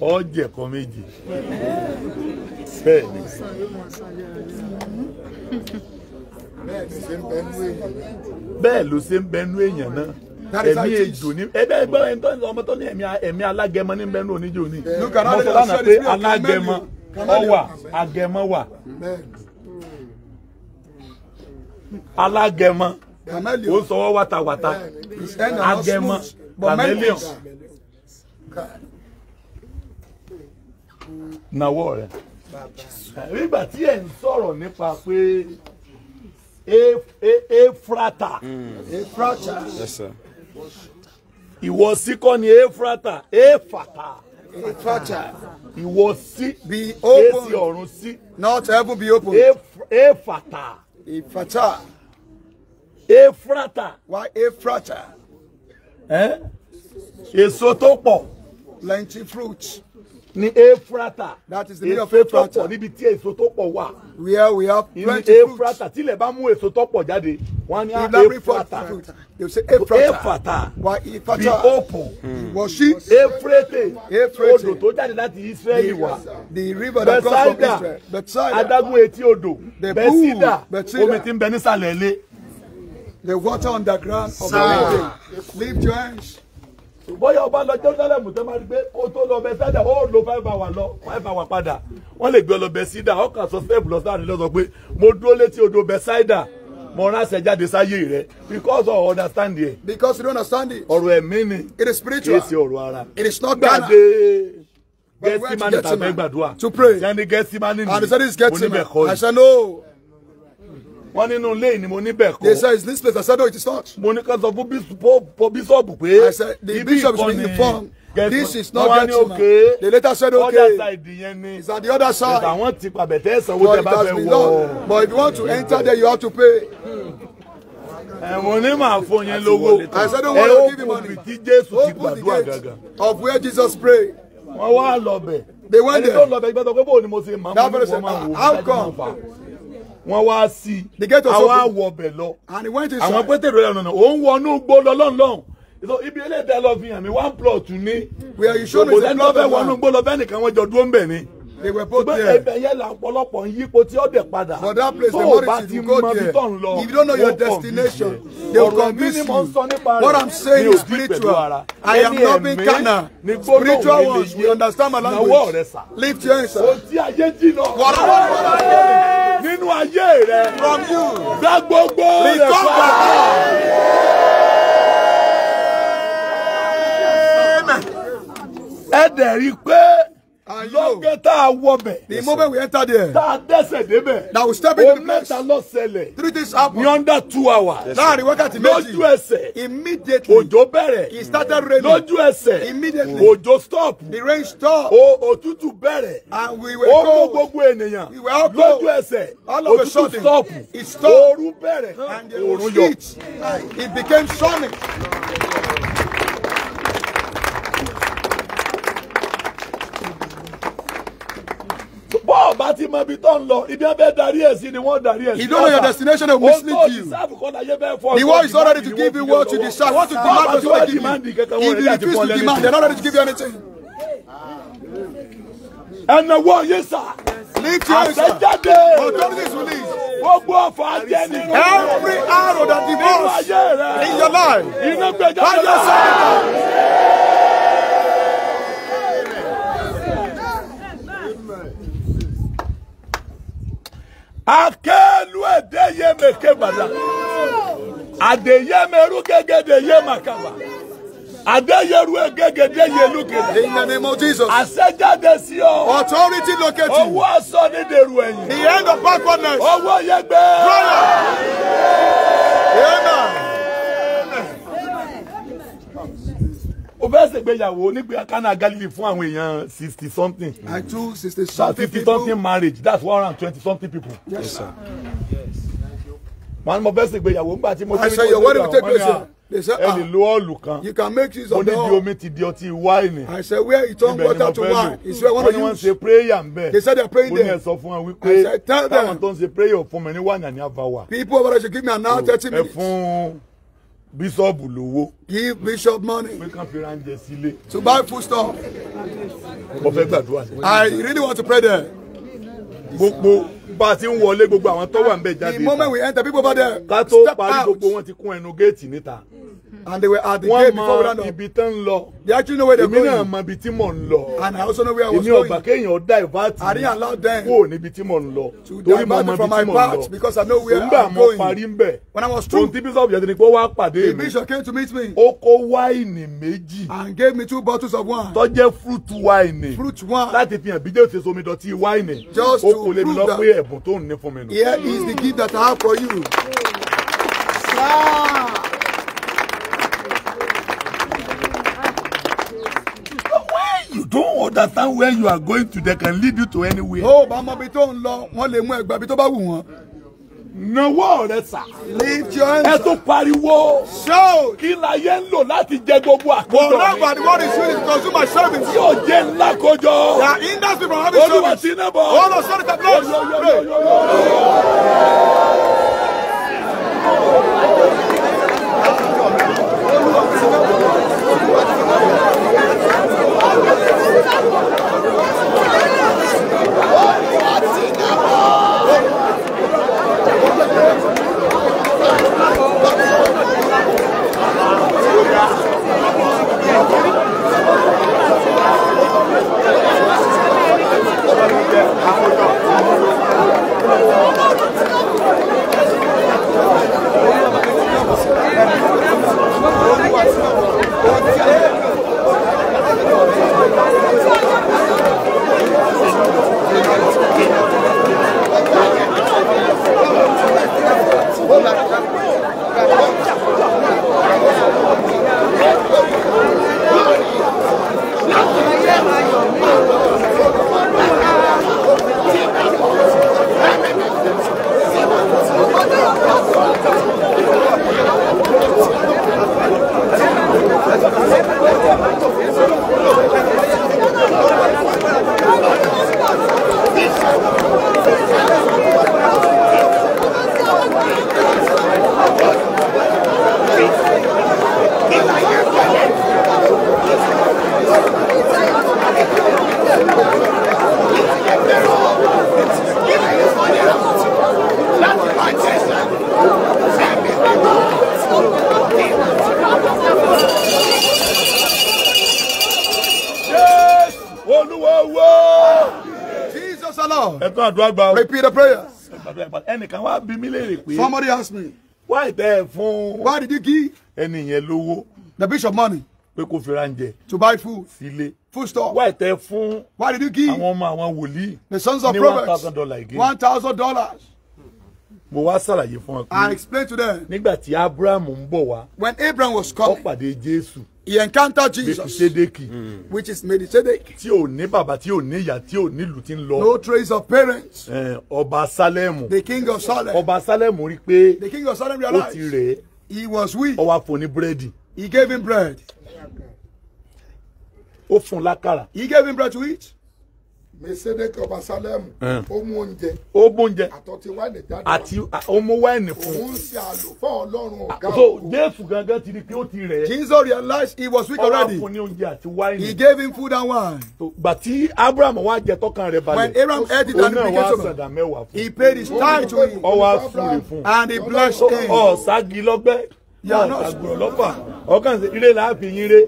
ọ̀jẹ̀kọ méje bẹ́ẹ̀ ni bẹ́ẹ̀ ló ṣe ń bẹnu èèyàn náà ẹ̀mí ejò ní ẹbẹ ẹgbẹ ọmọ tó ní ẹ̀mí alágẹmọ ní bẹnu oníjó ni mo sọ lánàá pé alágẹmọ ọwà agẹmọ wà alágẹmọ ó sọ wọ́n wátawàta agẹmọ chameleon nawọ́ rẹ̀ nígbà tí ẹ̀ ń sọ̀rọ̀ nípa pé e-, efrata hmm. efrata ìwọ sí kọ́ ni efrata efata efrata ìwọ sí bí èsì ọ̀run sí not ever be open efata efata efrata wá efrata èso tó pọ̀ plenty fruits ní efrata that is the name of efrata èso tó pọ̀ níbi tí èso tó pọ̀ wà where we have plenty fruit ní efrata tílẹ̀ bá mú èso tó pọ̀ jáde wọ́n ní efrata efrata bí opo wọ̀ṣí efrete odò tó jáde láti israeli wá bethsaida adágún etí odò bethsaida omi tí ń bẹ nísàlẹ̀ ilé. The water on the ground of the living. Lift your hands bóyá ọba lọ Jerusalem tó máa rí kó tó lọ Bethesda ó lọ five hour lọ five hour padà wọ́n lè gbé ọ lọ Bethesda ọkàn sọ step lọ sáà nílẹ̀ pé mo dúró létí odò Bethesda mo ránṣẹ́ jáde sáyé rẹ because of understand it. because you don't understand it. ọ̀rọ̀ ẹ̀mí ni. it is spiritual. kì í ṣe ọ̀rọ̀ ara. it is not Ghana. gbàdé gẹ́sìmánì tàbí gbàdúrà. to pray. and the said he is getting it. oníbẹ̀kọ́ yìí. I said no wọ́n nínú ilé ni mo níbẹ̀ kọ́. they said it's this place i said no it is not. mo ní ká sọ fún bíṣọ̀bù pé. i said the bishop should be informed this is not gentleman. Okay. The later said okay. Is that the other side. àwọn ti pàbẹ̀ tẹ́ sanwó tẹ́ bá fẹ́ wọ. but if you want to enter there you have to pay. ẹ̀wọ̀n ní màá fún yẹn lówó. i said don't worry give him money. ẹ ó kùbì jésù ti gbàdúrà gàgà. of where jesus pray. wọ́n wá lọ bẹ̀. they went there. ẹni tó lọ bẹ̀ gbẹ́dọ̀ pé bóun ni mo ṣe máa mú wọn wò how come wọ́n wá sí i àwa wọ ọbẹ̀ lọ àwọn pétérò lẹ́nu ọ̀nà òun wọnú gbó lọ́lọ́ọ̀lọ́hùn so ibi eléyìí tẹ́ lọ fi hàn mí one plot me. you ní òbòdẹ́ni lọ́fẹ̀ẹ́ wọnú gbó lọ bẹ́ẹ̀ nìkan wọ́n jọ dúró ń bẹ̀ ni they were both there. ẹbẹ yẹn la ọ̀pọ̀lọpọ̀ ń yípo tí ó dẹ̀ padà. for that place the morris you go there if you don't know your destination they will convince you what i'm saying is spiritual i am not being carnal spiritual ones we understand my language lift your hands. o ti ayé jìnnà. wàrà wàrà wàrà nínú ayé rẹ. from you. gba gbogbo rẹ pa. ẹ dẹ̀ rí i pé lọ́gẹ́ tá a wọ bẹ̀. the moment we enter there. tá a dẹ́sẹ̀ débẹ̀. na we step into the place. o mẹ́ta lọ ṣẹlẹ̀. three things happen. ní under two hours. láàrin wákàtí méjì. lójú ẹsẹ̀. immediately. òjò bẹ̀rẹ̀. it started raining. lójú ẹsẹ̀. immediately. òjò stop. the rain stop. o òtútù bẹ̀rẹ̀. and we were cold. ó mú gbogbo ènìyàn. we were all cold. lójú ẹsẹ̀. all of a sudden. òtútù stop. it stop. ooru bẹ̀rẹ̀. and the sun heat. it became sunny. bọ́ ọba ti mọ ibi tó ń lọ ibi abẹ́ darí ẹ̀ sí ni wọ́n darí ẹ̀ sí. you don't know your destination and we'll mislead you. the world is not ready to give you what you desire what you demand also they give you if you refuse to demand they are not ready to give you anything. ẹnáwó yé sá. lift your hands up authorities release. gbogbo ọ̀fọ̀ ajẹ́ni. every arrow that divorce in your life by your side. akelu ede yeme kebada ade yeme ru gegede yema kaba ade yeru egegede yelu kede. in the name of Jesus. sí ọ. authority located. owó aṣọ ní dèrò ẹ̀yìn. the end of backwardness. owó yẹgbẹ́. prayer.
amen. amen.
o fẹ́ ṣègbéyàwó nígbà kánà Galilee fún àwọn èèyàn sixty something. I do sixty something people. fifty something marriage that's one hundred and twenty something people. yes sir. wọn mọ fẹ́ ṣègbéyàwó nígbà tí mo ti ní kó lórí àwọn ọmọ náà ẹ lè ah, lo ọ̀lù kan mo ní di omi ti di ọtí wáìnì ibẹ̀ ni mo fẹ́ lò wọ́n ní wọ́n ṣe prayer ń bẹ̀ mo ní ẹ sọ fún wọn wípé táwọn tó ń ṣe prayer fún mi ní wàyàn ní àbáwá ẹ fún bíṣọ̀bù lówó. give bishop money. pé kàn fi ránjẹ sílé. to buy food stuff. mo fẹ́ gbàdúrà ní. I really want to pray there. gbogbo bá a ti ń wọlé gbogbo àwọn tó wà ń bẹ jáde. the moment we enter people over there. ká tó parí gbogbo wọn ti kún ẹnu géètì níta. Mm-hmm. and they were at the gate before we ran up. wọ́n they actually know where they're going. and I also know where I was going. èmi ọgbà kéèyàn divert. I didn't allow them. to divert from my path because I know where I'm going. nígbà mo parí ń bẹ̀. when I was through. ohun tí bísọ̀bù yẹn the bishop came to meet me. ó kó wáìnì and gave me two bottles of wine. tó jẹ́ fruit wine. fruit wine. láti fi hàn bí jésù ṣe omi wine. just to prove that. here is the gift that I have for you. Yeah. don't understand where you are going to they can lead you to anywhere. ó bá mọ ibi tó ń lọ wọ́n lè mú ẹgbẹ́ ibi tó bá wù wọ́n. Nawọ́ rẹ sà. Ẹ tún pariwo. Kí la ń lò láti jẹ gbogbo àkójọ? Wọ́n náà gbàdí ní sùúrù to consume my service. Yóò jẹ́ ńlá kójọ. Their
industry from having service. Olúwa ti náà bọ̀. Wọ́n lọ sọ́dọ̀ tẹ̀
Hola, repeat the prayers. somebody asked me. why tẹ ẹ why did you give. ẹni yellow. the bishop money. to buy food. sílé. food store. why tẹ ẹ why did you give. àwọn ọmọ àwọn the sons of prophets. one thousand dollars mo wá ṣàlàyé fún I explain to them. nígbà Abraham ń bọ̀ wá. when Abraham was coming. ó pàdé Jésù he encountered Jesus. Melchizedek. Mm. which is Melchizedek. tí ò ní bàbá tí ò ní ìyá tí ò ní ìlú tí ń lọ. no trace of parents. ọba Sálẹ̀mù. the king of Salem. ọba Sálẹ̀mù rí pé. the king of Salem realized. ó ti rè é. he was weak. ó fún ní búrẹ́dì. he gave him bread. ó fún lákàrà. he gave him bread to eat mẹsẹdẹkẹ ọba sálẹmù ó mú oúnjẹ ó oúnjẹ àtọtí wáìnì jáde àti ó wáìnì fún un ṣe àlùfọ́ ọlọ́run ọ̀gá òkú. jésù gangan ti di pé ó ti rẹ̀. jesus realized he was weak already. ọlọ́run fún ní oúnjẹ àti wáìnì. he gave him food and wine. gbà tí abraham wá jẹ tọkàn rẹ̀ balẹ̀. when abraham heard it and he became so man he paid his tithe to him. ọwọ́ àfúrè fún and he blessed him. ọ̀ṣági lọ́gbẹ́ ọ̀ṣàgùrọ̀ lọ́fà ọ̀kan ṣe ire làá fi yín re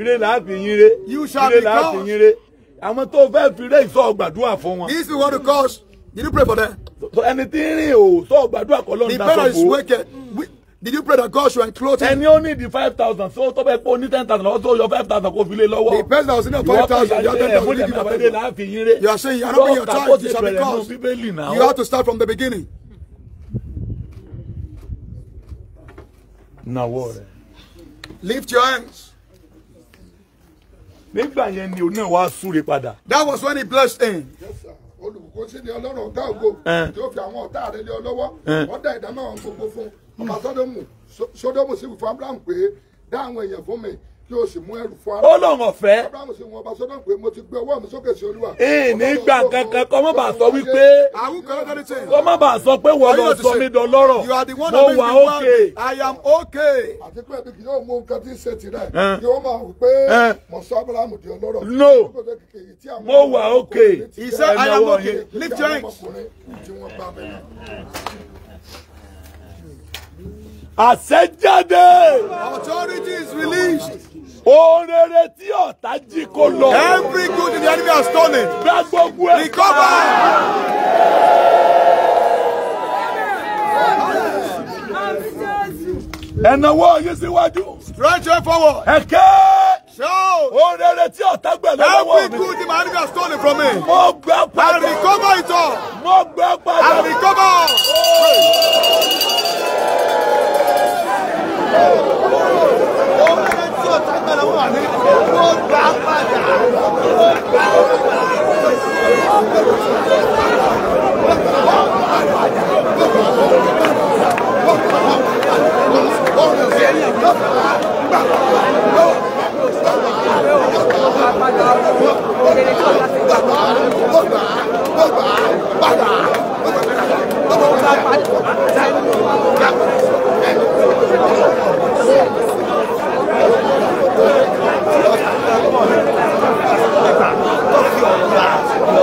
ire làá fi yín re ire làá fi yín re àwọn tó fẹ́ fi rẹ́ ìsọ̀ gbàdúrà fún wọn. if you want to cause did you pray for them. ẹni tí ń rìn ò sọ gbàdúrà kọ́ lọ́nà dáṣọ the parents is wicked. Did you pray that God should enclose him? Ẹni ó ní di five thousand so tó bẹ́ẹ̀ pé ó ní ten thousand lọ́wọ́ tó yọ five thousand kó fi lé lọ́wọ́. The person that was in the five thousand yọ ten thousand give up ten thousand. You are saying I don't not your child you shall be called. You have to start from the beginning. Nawọ́ rẹ̀. Lift your hands nígbà yẹn ni òun náà wá súre padà. that was when he blessed him. Yes, sir olùkókó sí ni ọlọ́run ọ̀gá ògo tí ó fi àwọn ọ̀tá rẹ̀ lé ọ lọ́wọ́ wọ́n dá ìdá mẹ́wàá gbogbo fún ọba sódómù sódómù sì fún abraham pé dá àwọn èèyàn fún mi kí o sì mú ẹrù fún ara. ó lóun ọ̀fẹ́. abrahamu sì wọn ọba sọdọ̀ pé mo ti gbé ọwọ́ mi sókè sí olúwa. ee gbà kankan kọ́ mọ́ bá sọ wípé. kọ́ mọ́ bá sọ pé wọ́n lọ sọ mi dán lọ́rọ̀. mo wà ókè. I am okay. àti pé ẹbí kì yóò mú nǹkan tí ń ṣe tirẹ̀. yóò máa wù pé mo sọ abrahamu di ọlọ́rọ̀. no mo wà ókè. he said I am okay. lift your hands. Àṣẹ jáde. Authority is released. Orere tí ọ̀tá jí kó lọ. Every good in the enemy has stolen. Gba gbogbo ẹ̀. Recover. Ẹ̀nàwó yín síwájú. Stretch your forward. Ẹ̀kẹ́. Show. Orere tí ọ̀tá gbẹ̀ lọ́wọ́ mi. Every good in the enemy has stolen from me. Mo gbà padà. I recover it all. Mo gbà
padà. I recover tágbára wà ní ó gbà padà ó gbà padà ó gbà padà ó gbà padà. Thank you.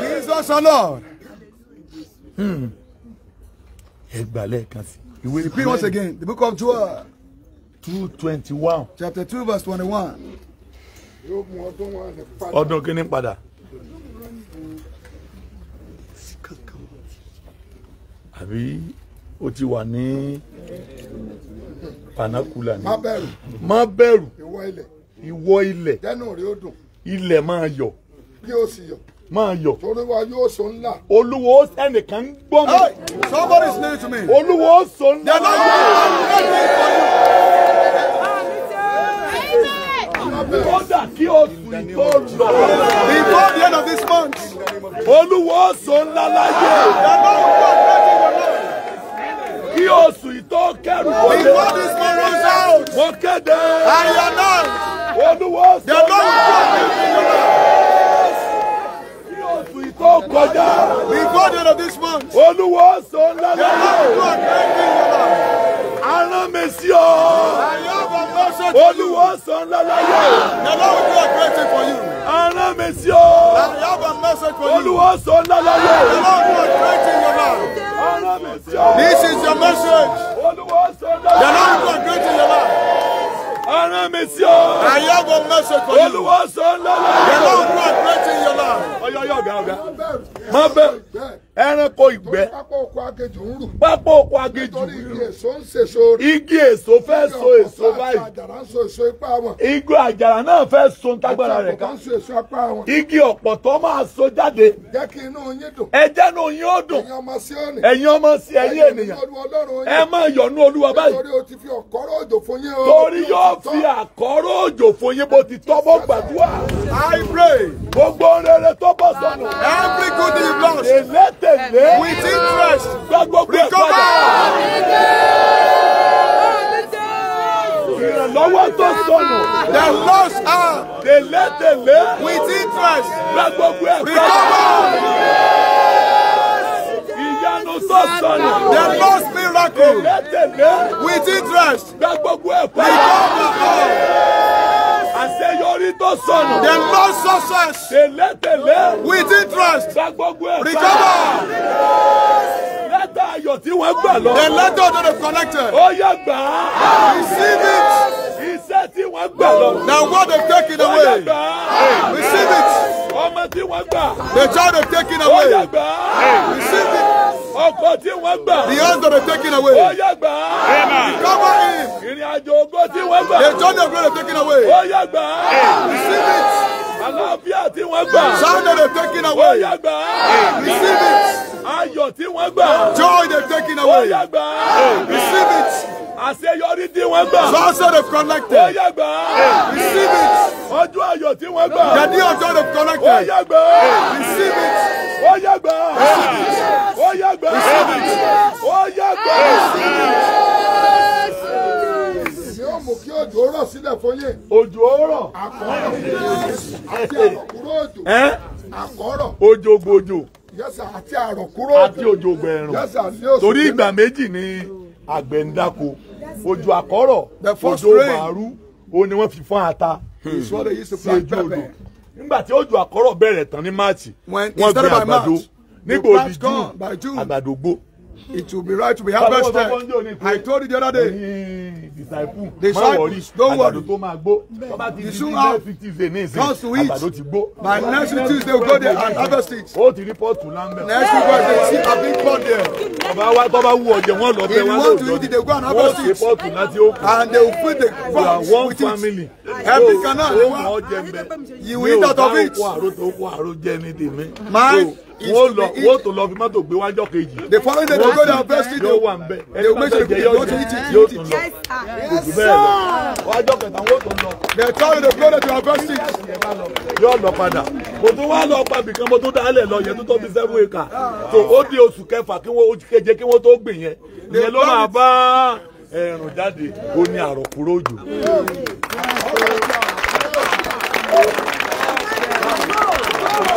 Jesus our Lord. Hmm. Ẹ gbà lẹ́ẹ̀kan sí. He once again the book of Joel two twenty one. chapter two verse twenty one. yóò mú ọdún wọn ní padà. ọdún kìíní padà. àbí o ti wà ní panakula ni. má bẹ̀rù. má bẹ̀rù. ìwọ ilẹ̀. ìwọ ilẹ̀. dẹ́nu rí ó dùn. ilẹ̀ máa yọ̀. bí ó sì yọ̀ máa yọ. olúwa yóò so ńlá. olúwo ẹnìkan ń mi. somebody is listening to me. olúwo so ńlá. kódà kí oṣù ìtò lọ. before the end of this month. olúwo sọ ńlá láyé. kí oṣù ìtò kẹrù wọlé. before this month runs out. mo kéde. àyà náà. olúwo sọ ńlá láyé. kí oṣù ìtò kọjá. before the end of this month. olúwo sọ ńlá láyé. arán mi sí ọ. àyà. Olúwa sàn lálàyé. The Lord will do a great thing for you. mi sí o. I have a message for you. Olúwa sàn lálàyé. The Lord will do a great thing in your life. mi sí o. This is your message. Olúwa sàn lálàyé. The Lord will do a great thing in your life. mi sí o. I have a message for you. sàn lálàyé. The Lord will do a great thing your life. Ọyọ ọyọ ọgá ọgá. Má bẹ́ẹ̀ ẹranko ìgbẹ́ pápá oko agéjù igi èso fẹ́ so èso báyìí igi àjàrà náà fẹ́ so ntágbára rẹ̀ ká igi ọ̀pọ̀tọ́ máa so jáde ẹjẹ́ nu yín ó dùn ẹ̀yin ọmọ sí ẹ̀yin ènìyàn ẹ máa yọ̀nú olúwa báyìí torí yóò fi àkọ́rọ̀ òjò fún yín bó ti tọ́ gbàdúrà gbogbo rere tó bọ̀ sọnù every good you tẹ̀lé with interest gba gbogbo ẹ̀ padà. ìrànlọ́wọ́ tó sọnù. the lost are. let tẹ̀lé tẹ̀lé with interest gba gbogbo ẹ̀ padà. ìyanu tó sọnù. the lost miracle. let tẹ̀lé tẹ̀lé with interest gba gbogbo recover àṣeyọrí tó sọnù. the lost success. tẹ̀lẹ́tẹ̀lẹ́. with interest. gba gbogbo ẹ̀. recover lẹ́tà ayọ̀ tí wọ́n gbà lọ. the letter that they collected. ó yẹ gbà á. receive it. iṣẹ́ tí wọ́n gbà lọ. na what they taking away. ó yẹ gbà á. receive it ọmọ tí wọ́n gbà. the child they taken away. ó yá gbà. receive it. ọkọ tí wọ́n gbà. the husband they taken away. ó yá gbà. recover him. ìrìn àjò ògo tí wọ́n gbà. the journey they bring they taken away. ó yá gbà. receive it. àlàáfíà tí wọ́n gbà. sound they taken away. ó yá gbà. receive it. ayọ̀ tí wọ́n gbà. joy they taken away. ó yá gbà. receive it. àṣeyọrí tí wọ́n gbà. success they connected. ó yá gbà. receive it ọjọ́ ayọ̀ tí wọ́n gbà. the day of joy they connected. ó yá receive it. ó yá receive it. ó yá receive it. ó yá gbà. receive it. yóò mú kí òjò rọ̀ sílẹ̀ fún yín. òjò rọ̀. àkọ́rọ̀ àti àròkúrò òjò. àkọ́rọ̀. òjò gbòjò. yẹ́sà àti àròkúrò òjò. àti òjò gbẹ̀rùn. yẹ́sà ní ni àgbẹ̀ Ojo dáko. Ojo maru. O màrú òun ni wọ́n fi fọ́n ata. Hmm. is what they used to plant pepper. nígbà tí òjò àkọ́rọ̀ bẹ̀rẹ̀ tán ní March wọ́n gbin àgbàdo nígbà òdìjú àgbàdo gbó it will be right to be harvested. I told you the other day. they should don't worry. The sugar comes to eat. By next week Tuesday, we'll go there and harvest it. Next week, they see a big pot there. If you want to eat it, they go and harvest it. And they will put the pot with family. it. Every oh, canal, oh, you will eat out of it. My wọ́n lọ wọ́n tó lọ fi mọ́tò gbé wájọ́ kejì. the following day they go down first street yóò wà ń bẹ ẹni tó bẹ jẹ yóò tún yóò tún lọ kùtù
bẹ́ẹ̀ lọ
wájọ́ kẹta wọ́n tó lọ. the following day they go down to our first street. yóò lọ padà mo tún wá lọ pa bìkan mo tún dálẹ̀ lọ yẹn tó tó bí seven acre so ó di oṣù kẹfà kí wọ́n keje kí wọ́n tó gbìn yẹn ìyẹn ló máa bá ẹ̀rùn jáde ó ní àròkúrò jù.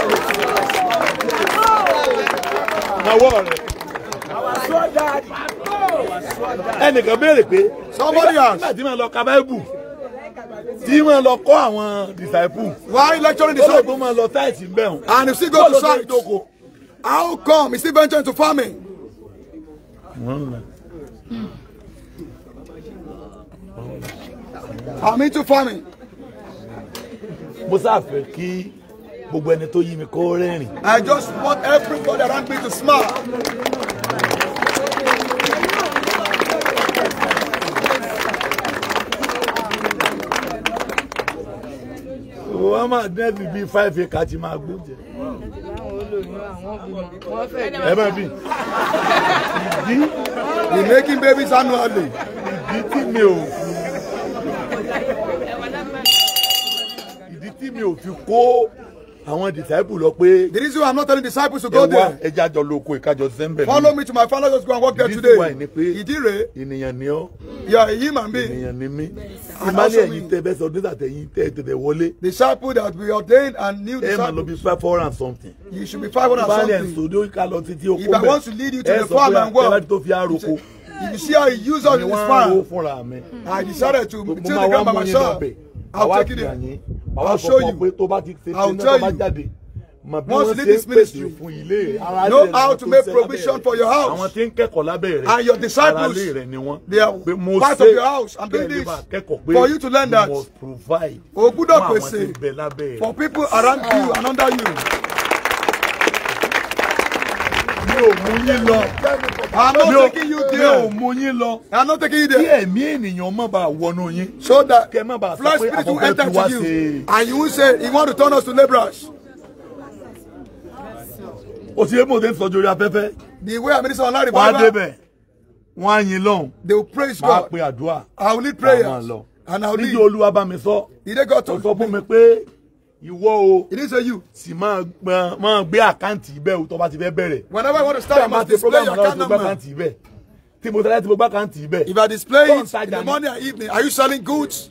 Thank nawọ́ rẹ̀ ẹnìkan béèrè pé nígbà tí wọ́n lọ ka báíbù tí wọ́n lọ kọ́ àwọn disciples. why lecturing the disciples. ó lè gbọ́ máa lọ bẹ́ẹ̀ o. and you still go to site how come you still venture into farming. I'm into farming. mo sáfẹ́ kí gbogbo ẹni tó yí mi kó rẹ́rìn. I just want everybody around me to smile. wọ́n máa dẹ́ fi bíi five acre ti máa gbó jẹ. ẹ má bí ìdí the making babies annually ìdí tí mi ò ìdí tí mi ò fi kó àwọn disciples lọ pé. the reason why i'm not telling disciples to go there. ẹwà ẹja jọ lóko ìkájọ sẹ́ńbẹ̀. follow me to my father's house go and work there today. the reason why ni pé ìdíre. ènìyàn ni ọ. yà èyí màá bí. ènìyàn ni mí. ìmọ̀lẹ́ ẹ̀yin tẹ bẹ́sẹ̀ ọdún tàtẹ̀ yín tẹ tẹ̀tẹ̀ wọlé. disciples that we ordained and new disciples. ẹ máa lọ bí five hundred and something. you should be five hundred and something. ìbálẹ̀ sòdó ìka lọ títí okó bẹ̀. if i want to lead you to the farm and work. you see how he use all in his farm. I decided to take the ground by myself àwa ti yàn yín àwa sọ fún ọ pé tó bá ti ṣe ṣe náà tó bá jáde mọ bí wọ́n ṣe know how to make provision for your house and your disciples They are part of your house and do for you to learn that o gbúdọ̀ pèsè for people around you and under you ò mú yín lọ. I'm not taking you there. mi ò mú yín lọ. I'm not taking you there. kí ẹ̀mí ènìyàn má bàa wọnú so that flesh spirit will enter to you. and you say he want to turn us to labourers. o ti yẹ mo de ń sọjú orí afẹ́fẹ́. the way I minister online. wàá débẹ̀ wọ́n á yin lọ́hùn. they will praise God. máa pe àdúrà. I will need prayers. and I will need níjẹ́ olúwa bá mi sọ. ìdẹ́gọ́tò. kò sọ fún mi pé ìwọ o it is a you sì máa máa gbé àkáǹtì ibẹ̀ o tó bá ti fẹ́ bẹ̀rẹ̀ whenever you want to start you must display your account number tí mo tẹ́lẹ̀ tí mo gbá àkáǹtì ibẹ̀ if I display it in the morning and evening are you selling goods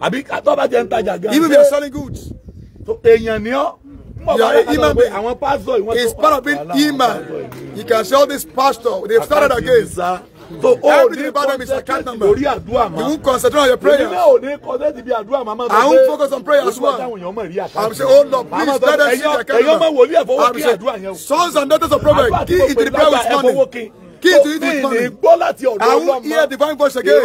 àbí tó bá jẹ́ ń tajà gan even if you are selling goods èèyàn ni ọ́ àwọn pastor is part of being human you can sell oh, this pastor they started again, against so ó oh, ní concentrate lórí àdúrà mọ́. you won't concentrate on your prayer. I won't focus on prayer as well. I'm saying oh Lord please let us see their kind of man. sons and daughters of prophet kí ìdìrí prayer with money Keep n tún yìí tún tún mi. gbọ́ láti ọ̀dọ̀ ọlọ́mọ. àwọn divine voice again.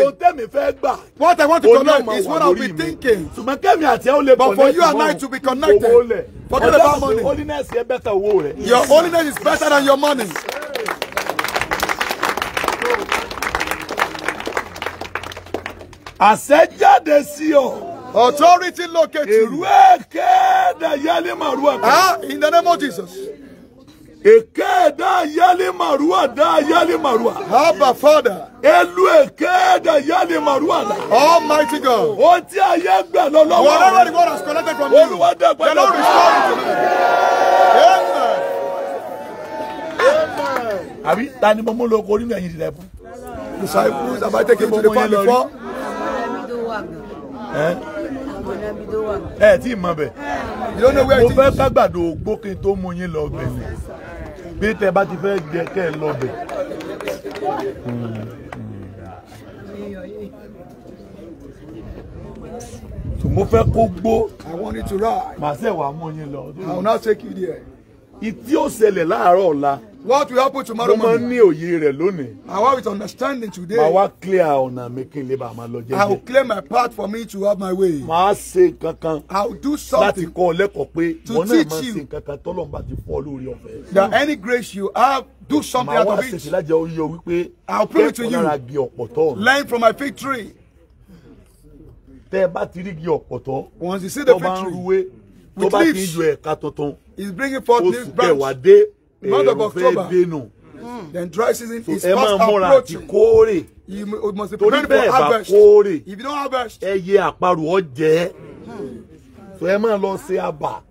what I want to connect is what I will be thinking. but for you and I to be connected. forget about money. holiness yẹ better owó your holiness is better than your money. àṣẹ jáde sí ọ. Authority locate you. Èrú èké da yálé màrú àdá. Ah, in the name of Jesus. Èké da yálé màrú àdá yálé màrú àdá. Abba Father. Elu èké da yálé màrú àdá. Almighty God. O ti ayé gbà lọ́lọ́wọ́. Whatever the word
has collected from you. Olúwa dàgbà dàgbà. The Lord restore it to me. Amen.
Amen. Àbí ta ni mo mú lóko nínú ẹ̀yìn ìdìbò? Disciples, have I taken to the farm before? ẹ eh? eh, tí ì mọ bẹ
ah, mo fẹ́
kágbàdo ògbó tó mú yín lọ bẹ̀ ni bí tẹ bá ti fẹ́ jẹ kẹ́ ẹ lọ bẹ̀.
Hmm. mo fẹ́ kó gbó màá sẹ̀ wá mú yín lọ. I will not
take you there. ìtí ó ṣẹlẹ̀ láàárọ̀ ọ̀la. What will happen tomorrow morning? Mo máa ní òye rẹ̀ lónìí. I want with understanding today. Màá wá clear ọ̀nà mi kí n lè bá máa lọ jẹ́jẹ́. I will clear my path for me to have my way. Màá ṣe kankan. I will do something. Láti kọ́ ọ lẹ́kọ̀ọ́ pé wọ́n náà máa ṣe kankan tọ́lọ̀ bá ti fọ́ lórí ọ̀fẹ́. That any grace you have do something out of it. Màá wá ṣèṣe lájẹ oyè wípé. I will pray to you. Kẹ́kọ̀ọ́ lára gbé ọ̀pọ̀ Learn from my fig tree. Tẹ́ ẹ bá ti rí igi ọ̀pọ̀tọ́. Once you see the fig tree. Tó bá ń ruwé. With leaves. Tó bá ti ń yọ ẹ̀ka tuntun. bringing forth new branch month of October. Hmm. Then dry season is fast approaching. Kórè. You must be prepared for harvest. If you don't harvest. Ẹyẹ àparò ọ̀jẹ̀. Hmm. So ẹ máa lọ ṣe àbà.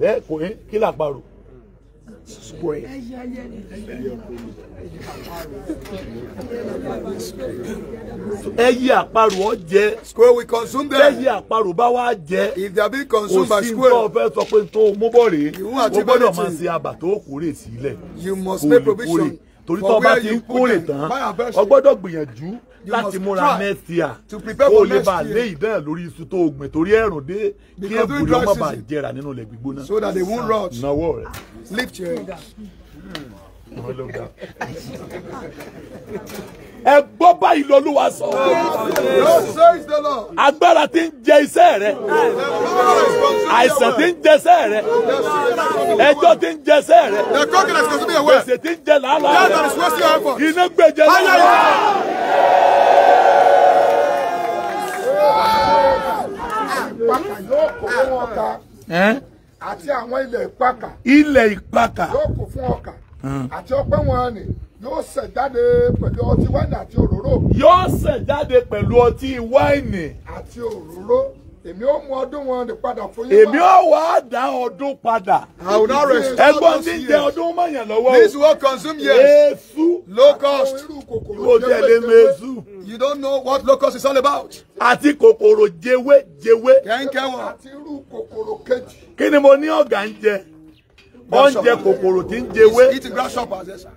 Ẹ kò ní kí làparò. Square. Ẹyí àparò ọ jẹ. Square we consume them. Ẹyí àparò bá wá jẹ. If they are being consumed by square. Òsì ń tọ́ fẹ́ sọ pé tó mú bọ̀ rèé. Ìwọ́n àti bẹ́ẹ̀ tí. O gbọ́dọ̀ máa ṣe àbà tó sílẹ̀. You must make provision torí tó bá ti ń kórè tán o gbọ́dọ̀ gbìyànjú láti múra next year kó lè bá lé ìdán lórí iṣu tó gbìn torí ẹ̀rùn dé kí èbùrẹ́ ọmọ bá jẹrà nínú ilẹ̀ gbígbóná. so that they won't rot. nawọ rẹ. lift your head. Hmm ẹ gbọ́ báyìí lọ́lúwa sọ. agbára tí ń jẹ iṣẹ́ rẹ àìsàn tí ń jẹṣẹ́ rẹ ẹjọ́ tí ń jẹṣẹ́ rẹ gbèsè tí ń jẹ làálàá rẹ iná gbèjẹ lọ́wọ́. ilẹ̀ ìpakà. Hmm. àti ọpẹ́ wọn ni yóò sẹ̀ jáde pẹ̀lú ọtí wáìnì àti òróró. yóò sẹ̀ jáde pẹ̀lú ọtí wáìnì. àti òróró èmi ó mú ọdún wọn ní padà fún yín. èmi ó wá dá ọdún padà. I will not restore those years. ẹgbọ́n jẹ ọdún mọ̀yàn lọ́wọ́. this will consume years. esu. locust. kò tẹ̀lé mezu. you don't know what locust is all about. àti kòkòrò jewé jewé. kẹ́ńkẹ́ wọn. àti irú kòkòrò kejì. kí ni mo ní ọ̀gá ń jẹ ó ń jẹ kòkòrò tí ń jẹwé. eating grasshoppers sir.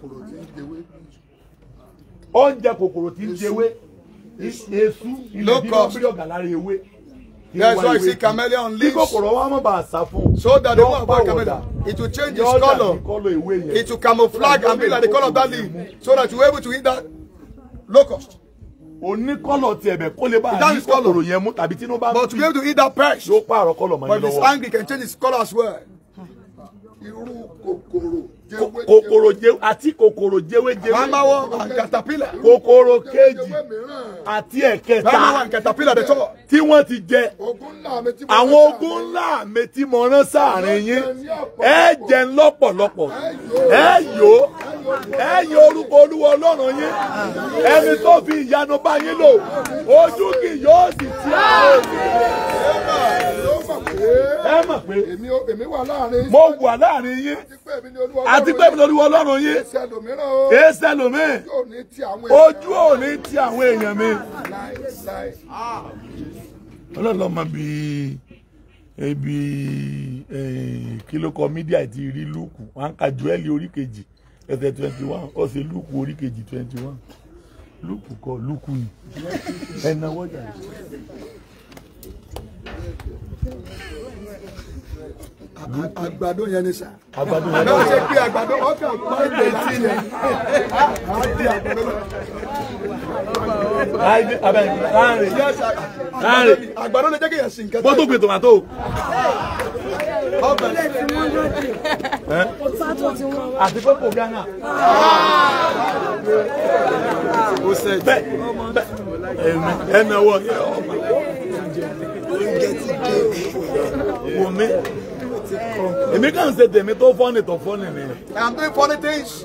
kòkòrò tí ń jẹwé.
ó ń jẹ kòkòrò tí ń jẹwé. èṣù ilé bí bí ọ̀gá lára ewé. That's why you see chameleon leaves. Kíkòkòrò wa mọ̀ bá àṣà So that the one about chameleon, it will change its color. It will camouflage and be like the color of that leaf. So that you're able to eat that locust oníkọlọ ti ẹbẹ kó lè bá a ní kòkòrò yẹn mú tàbí tínú bá. but to be able to eat that perch. yóò pààrọ̀ kọlọ̀ mọ́ ní lọ́wọ́. but if it's angry can change its colour as well. irú kòkòrò kòkòrò jẹwé àti kòkòrò jẹwé jẹwé kòkòrò kejì àti ẹ̀kẹta tí wọ́n ti jẹ
àwọn ogun
ńlá mi tí mo rán sáàrin yín ẹ jẹ lọ́pọ̀lọpọ̀ ẹ yó ẹ yìn orúkọ olúwa ọlọ́run
yín ẹni
tó fi ìyanu bá yín lò ojú kì yóò sì tì ẹ mọ̀ pé mo wà láàrin yín àti pé nítorí wọn ọlọ́run yín èsè lómi ojú ò ní ti àwọn èèyàn mi ọlọ́run lọ́mọ bíi ebi kílókọ mídíà ti rí lúùkù wọn ka jùẹ́lì orí kejì ẹsẹ̀ twenty one ó ṣe lúùkù orí kejì twenty one lúùkù kọ lúùkù ni ẹ̀nà wọ́jà àgbàdo yẹn ni sa àgbàdo yẹn ni sa ṣe pé àgbàdo ọkàn kọ́ ìgbè láti yẹn
á di
àgbàdo láàrin láàrin àgbàdo lè jẹ́ kí yẹn sìn kẹ́tẹ́. bọ́tò gbé tòmátò. ọbẹ̀ àti pẹ́pọ̀ Ghana. bẹ́ẹ̀ bẹ́ẹ̀ ẹ̀mí ẹ̀mí ọwọ́ yẹn ọmọ. oúnjẹ ti dé wò mí èmi kàn ṣe tèmi tó fọ́nì tó fọ́nì I'm doing funny things.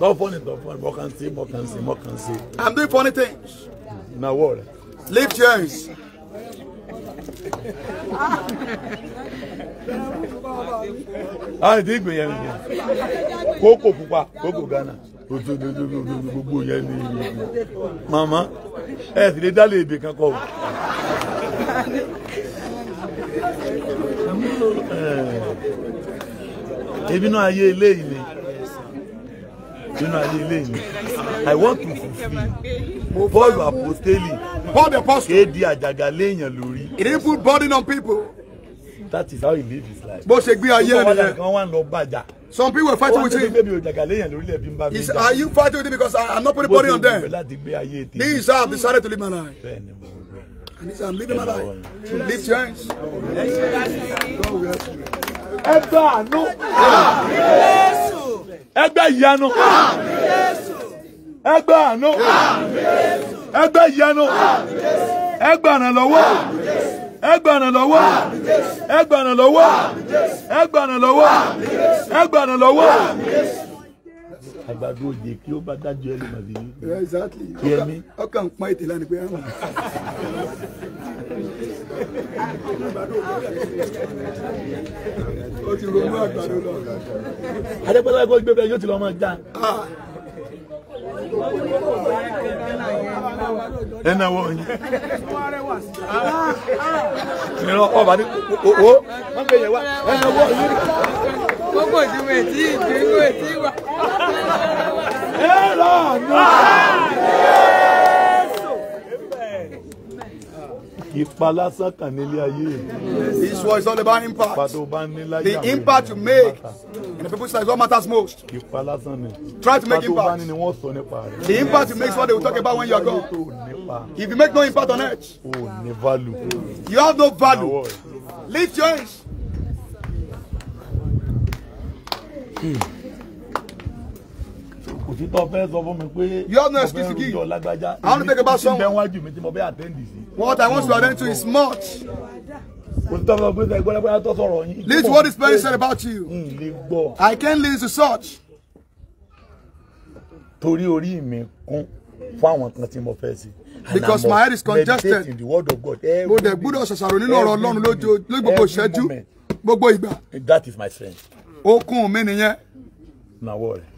tó fọ́nì tó fọ́nì mo kàn sí mo kàn sí mo kàn sí. I'm doing funny things. na wọ́ rẹ̀. lift your hands. a ti gbìyànjú
yẹn
kókò pupa kókò Ghana gbogbo yẹn ni mama ẹ sì lè dálé ibì kan o ebi eh. náà ayé eléyìí ni nínú ayé ilé mi i want to
fulfil
paul apostoli paul the apostle kéde àjàgà léèyàn lórí. he dey put burden on people. that is how he live his life. bó ṣe gbé ayé rẹ nìyẹn. wọ́n wá lọ bàjá. some people were fighting with him. wọ́n tẹ́lẹ̀ are you fighting with me because i am not putting burden on them. He ṣe gbé láti gbé to tèmi. my life this. I'm living my life. Lift your hands. God will help you. Ẹgbẹ́ àánú. Ẹgbẹ́ ìyanu. Ẹgbẹ́ àánú. Ẹgbẹ́ ìyanu. Ẹgbẹ́ ànàlọ́wọ́. Ẹgbẹ́ ànàlọ́wọ́. Ẹgbẹ́ ànàlọ́wọ́. Ẹgbẹ́ ànàlọ́wọ́. Ẹgbẹ́ ànàlọ́wọ́ àgbàdo òjè kí ó bá dájú ẹ lè mà sí i. kí ẹ mi. ọkàn ń pọn ètè lánàá pé àwọn. Ah,
ó ti ronú àgbàdo lọ.
adégbèlá ẹgbẹ́ gbé bẹ́ẹ̀ yóò ti lọ́ mọ́ já. Ah ẹnna wọ yẹn ìran ọba ní owó
wọn gbé yẹn wá ẹnna wọ yẹn.
gbogbo ìdúró etí ìdúró etí
wa. ẹ lọ nù.
ipa kan nílé ayé mi. this war all about impact. pàtó bá ní láyé àwọn the impact you make in the people's lives what matters most. ipa ni. try to make impact. pàtó bá ní ni wọ́n sọ nípa rẹ̀. the impact you make is what they will talk about when you are gone. if you make no impact on earth. o ní value. you have no value. lift your hands. Hmm òtítọ́ fẹ́ sọ fún mi pé you have no excuse to give I want take about someone tí bẹ́ẹ̀ wájú mi tí mo bẹ́ẹ̀ attend sí. What I want to attend to is much. Listen what this parent said about you. I can't listen to such. Because my head is congested. in the word of God. Mo dẹ̀ That is my strength. Okun mi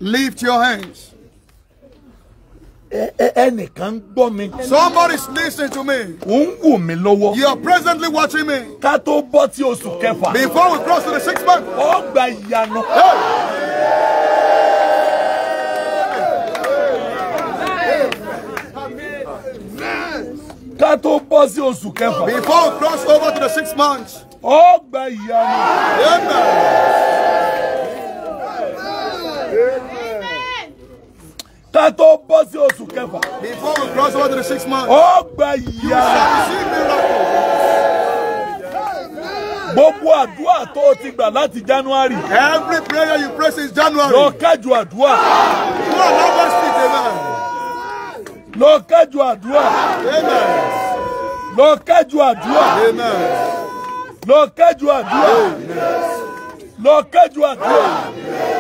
Lift your hands ẹnìkan gbọ́ mi. somebody is listening to me. ó ń wò mí lọ́wọ́. you are presently watching me. ká tó bọ́ sí oṣù kẹfà. before we cross to the sixth month. ó gba ìyanu. ká tó bọ́ sí oṣù kẹfà. before we cross over to the sixth month. ó gba ìyanu.
amen.
ká tó bọ́ sí oṣù kẹfà. before we cross over to the six months. ó gba ìyá. gbogbo àdúrà tó o ti gbà láti January. every prayer you pray since January. lọ kájú àdúrà. you are not going to speak amen. lọ kájú àdúrà. amen. lọ kájú àdúrà. amen. lọ kájú àdúrà. amen. lọ kájú àdúrà. amen.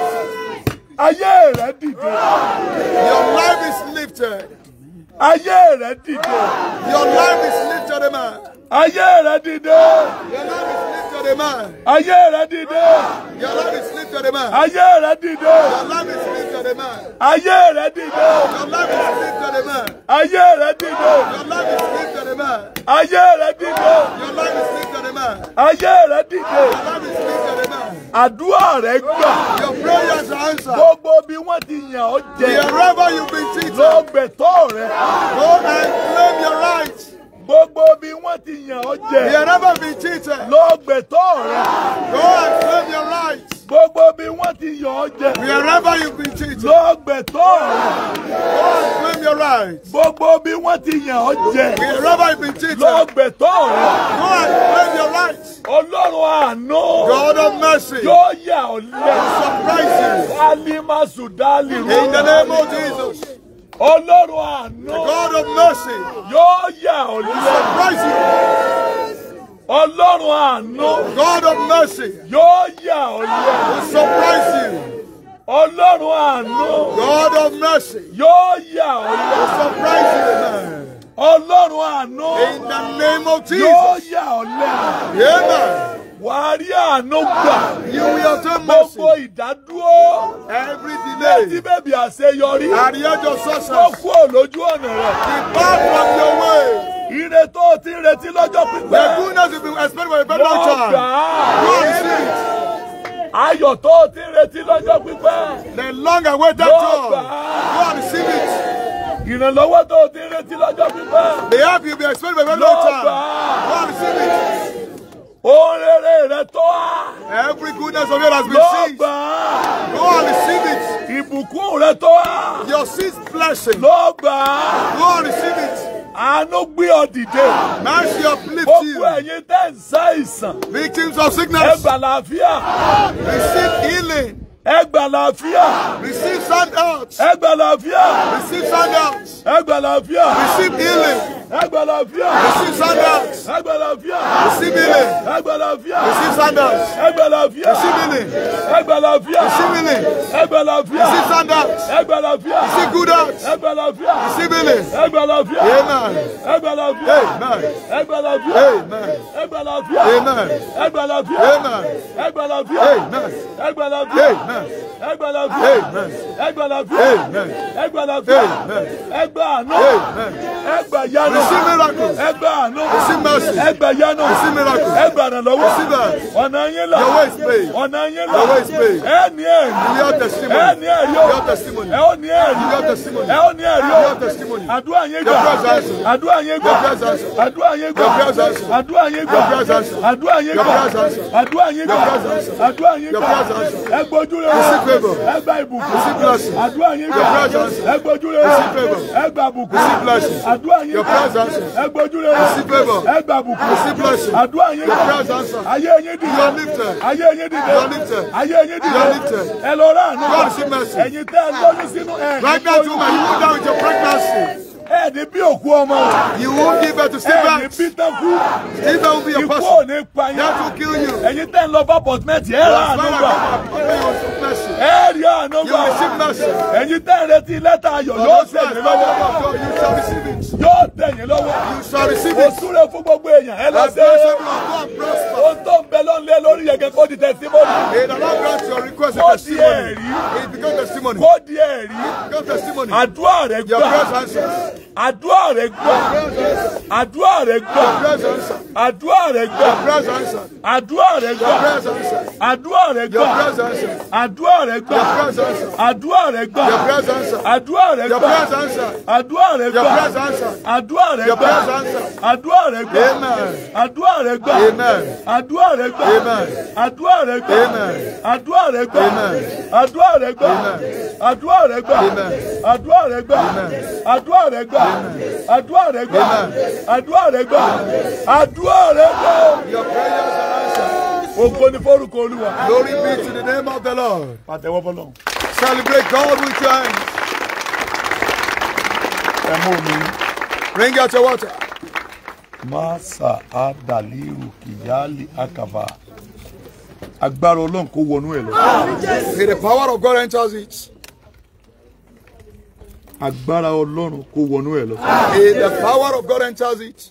Ayé rẹ dìde. Your life is lifted. Ayé rẹ dìde. Your life is lifted, man. Ayé rẹ dìde. Your Lord is lift to the man. Ayé rẹ dìde. Your Lord is lift to the man. Ayé rẹ dìde. Your Lord is lift to the man. Ayé rẹ dìde. Your Lord is lift to the man. Ayé rẹ dìde. Your Lord is lift to the man. Ayé rẹ dìde. Your Lord Ayé rẹ dìde. Your Lord is lift to the man. Àdúrà rẹ gbà. Your prayers answered. Gbogbo bí wọ́n ti yàn ọ́ jẹ. Wherever you be treated. Lọ gbẹ̀tọ́ rẹ. Go and claim your rights. Gbogbo bí wọ́n ti yàn ọ́ jẹ. You never be cheated. Lọ gbẹ̀tọ́ rẹ. Go and claim your rights. Gbogbo bí wọ́n ti yàn ọ́ jẹ. Wherever you be cheated. Lọ gbẹ̀tọ́ rẹ. Go and claim your rights. Gbogbo bí wọ́n ti yàn ọ́ jẹ. Wherever you be cheated. Lọ gbẹ̀tọ́ rẹ. Go and claim your rights. Ọlọ́run àánú. God of mercy. Yóò yà ọ́ lẹ́yìn. Surprise you. Alima Sudali. In the name of Jesus. Ọlọ́run àánú. The God of mercy. Yóò yà ọ́ lẹ́nu. He surprise
you.
Ọlọ́run àánú. The God of mercy. Yóò yà ọ́ lẹ́nu. He surprise you. Ọlọ́run àánú. God of mercy. Yóò yà ọ́ lẹ́nu. He surprise you man. Ọlọ́run àánú. In the name of Jesus. Yóò
yà ọ́ lẹ́nu. Amen
wàá rí àánú gbà. you will obtain mercy. gbogbo ìdádúró. every delay. létí bèbí àṣeyọrí. àríyànjọ success. ó kúrò lójú ọ̀nà rẹ̀. the path from your way. Ire tó o ti ń retí lọ́jọ́ pípẹ́. The goodness you been expecting for a better child. Wọ́n gbà á. Wọ́n sì ayọ̀ tó o ti retí lọ́jọ́ pípẹ́. the long awaited joy go and receive it. ìrànlọ́wọ́ tó o ti retí lọ́jọ́ pípẹ́. the help you be expected by long time go and receive it. oore every goodness of yours has been seen. lọ gbà go and receive it. ìbùkún rẹ tó a. your seed blessing. lọ gbà á. go and receive it. I Àánú gbé ọ dìde. Mercy uplift you. Gbogbo ẹ̀yin tẹ́ Victims of sickness. Ẹ gbà àlàáfíà. Receive healing. Ẹ gbà àlàáfíà. Receive sound out. Ẹ gbà àlàáfíà. Receive sound out. Ẹ gbà àlàáfíà. Receive healing. Ẹgbẹ̀lọ́fíà. Receive sandals. Ẹgbẹ̀lọ́fíà. Receive healing. Ẹgbẹ̀lọ́fíà. Receive sandals. Ẹgbẹ̀lọ́fíà. Receive healing. Ẹgbẹ̀lọ́fíà. Receive healing. Ẹgbẹ̀lọ́fíà. Receive sandals. Ẹgbẹ̀lọ́fíà. Receive good health. Ẹgbẹ̀lọ́fíà. Receive healing. Ẹgbẹ̀lọ́fíà. Amen. Ẹgbẹ̀lọ́fíà. Amen. Ẹgbẹ̀lọ́fíà. Amen. Ẹgbẹ̀lọ́fíà. Amen. Ẹgbẹ̀lọ́fíà. Amen. Ẹgbẹ̀lọ́fíà. Amen. Ẹgbẹ̀lọ́fíà. Amen. Ẹgbẹ̀lọ́fíà. Amen. Ẹgbẹ̀lọ́fíà. Amen. Ẹgbẹ̀lọ́fíà. Amen. Ẹgbẹ̀lọ́fíà. Amen. Ẹgbẹ̀lọ́fíà. Amen. Ẹgbẹ̀lọ́fíà. Amen. Ẹgbẹ̀lọ́fíà. Amen. Ẹgbẹ̀lọ́fíà. Amen. Ẹgbẹ̀lọ́fíà. Amen. Receive miracles. Ẹgbẹ́ àánú. Receive mercy. Ẹgbẹ́ yánú. Receive miracles. Ẹgbẹ́ àrànlọ́wọ́. Receive it. Ọ̀nà yín là. Your way is paid. Ọ̀nà yín là. Your way is paid. testimony. Ẹni ẹ̀rí o. Your testimony. Ẹ ó ní ẹ̀rí. testimony. Ẹ ó ní ẹ̀rí testimony. Àdúrà yín gbà. Your prayers answered. Àdúrà yín gbà. Your prayers answered. Àdúrà yín gbà. Your prayers answered. Àdúrà yín gbà. Your prayers answered. Àdúrà yín gbà. Your prayers answered. Àdúrà yín gbà. Your prayers answered. Àdúrà yín gbà. Your prayers answered. Ẹ gbójú lé. Receive favour. Ẹ gba ìbùkún. Receive blessing ẹ gbójúlé ẹ gba àbùkù àdúrà yín gbà ayé yín dìde ayé yín dìde ayé yín dìde ẹ lọ rà nù ẹ̀yin tẹ́ ẹ lóyún sínú ẹ̀ ní oyún ẹ ní bí òkú ọmọ. you won't give birth to stay back. ẹ ní bí dákú. this will be your person. ikú ò ní pa yín. that will kill you. ẹ̀yin tẹ́ ń lọ bá pọtumẹ́tì ẹ̀ rà ànúgbà.
And you you
You tell the letter ẹ rí àánú gbà ẹ̀yin tẹ́ ń retí lẹ́tà ayọ̀ yóò tẹ̀yìn lọ́wọ́ yóò tẹ̀yìn lọ́wọ́ òsúre fún gbogbo èèyàn ẹ lọ sí o tó ń bẹ lọ́nlé lórí yẹ̀kẹ́ kó di tẹ̀símọ́nì kó di ẹ̀rí kó di ẹ̀rí àdúrà rẹ gbà àdúrà rẹ gbà àdúrà rẹ gbà àdúrà rẹ gbà àdúrà rẹ gbà àdúrà rẹ gbà àdúrà rẹ gbà rẹ gbà àdúrà rẹ gbà àdúrà rẹ gbà àdúrà rẹ gbà àdúrà rẹ gbà àdúrà rẹ gbà àdúrà rẹ gbà àdúrà rẹ gbà àdúrà rẹ gbà àdúrà rẹ gbà àdúrà rẹ gbà àdúrà rẹ gbà àdúrà rẹ gbà àdúrà rẹ gbà àdúrà rẹ gbà àdúrà rẹ gbà àdúrà rẹ gbà. Your prayers are answered ògo ni fórúkọ olúwa. glory be to the name of the lord. pàtẹ́wọ́ fọlọ́. celebrate God with your hands. ẹ mú bring out your water. masa adaliru kiyali akaba agbára ọlọ́run kó wọnú ẹ lọ. may the power of God enter it agbára ọlọ́run kó wọnú ẹ lọ. the power of God enters it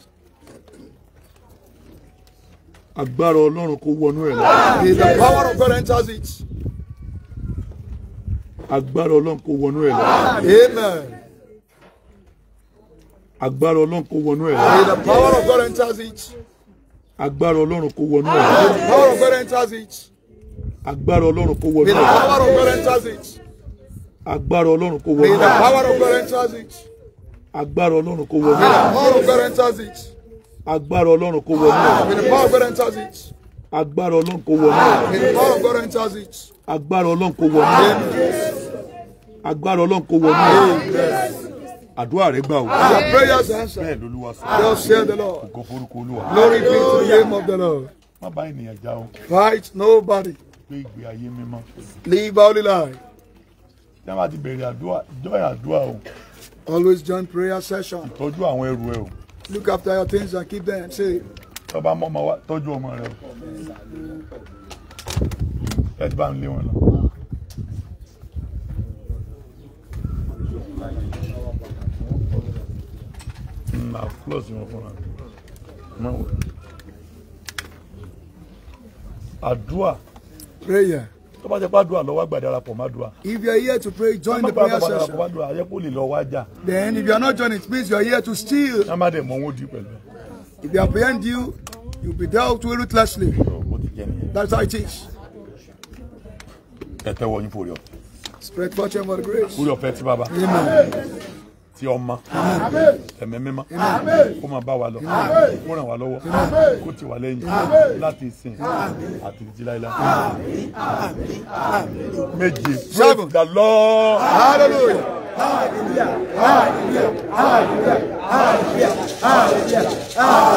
agbára ọlọ́run kó wọnú ẹ̀ lọ. the power of God enters it. agbára ọlọ́run kó wọnú ẹ̀ lọ. amen. agbára ọlọ́run kó wọnú ẹ̀ lọ. the power of God enters it. agbára ọlọ́run kó wọnú ẹ̀ lọ. the power of God enters it. agbára ọlọ́run kó wọnú ẹ̀ lọ. the power of God enters it. agbára ọlọ́run kó wọnú ẹ̀ lọ. the power of God enters it. agbára ọlọ́run kó wọnú ẹ̀ lọ. the power of God enters it agbára ọlọ́run kó wọnú ẹ̀ agbára ọlọ́run kó wọnú ẹ̀ agbára ọlọ́run kó wọnú
ẹ̀
agbára ọlọ́run kó wọnú ẹ̀ àdúrà rẹ gbà o. our ah, prayers answer. bẹ́ẹ̀ sọ. just say the lord. ògo forúkọ olúwa. glory be to the name of the lord. má bá ènìyàn já o. fight nobody. gbé ìgbé ayé mímọ́. live holy life. tí a ti bẹ̀rẹ̀ àdúrà join àdúrà o. always join prayer session. ìtọ́jú àwọn ẹrù ẹ o. Look after your things and keep them safe. Tó bá mọ ọmọ wa, tọ́jú ọmọ rẹ o. Ẹ ti bá ń lé hmm, close wọn fúnra mi. Má wọ̀. Àdúrà. Prayer tó bá jẹ́ pé àdúrà lọ́wọ́ àgbà darapọ̀ má dùà. if you are here to pray join the prayer session. má dùà ayẹ́pọ̀ lè lọ wájà. then if you are not joining it means you are here to steal. ẹ má dẹ̀ mọ owó di pẹ̀lú. if they apprehend you you be dealt with ruthlessly. that's how it is. ẹ tẹ́wọ́ yín fòrí ọ. spread fortune for the grace. fúri ọ̀fẹ́ tí bàbá. amen. amen ti ọmọ ẹ̀mí mímọ́ kó máa bá wa lọ kó ràn wá lọ́wọ́ kó tì wá lẹ́yìn láti ìsìn àti títí láéláé. méje praise the lord hallelujah hallelujah hallelujah hallelujah hallelujah.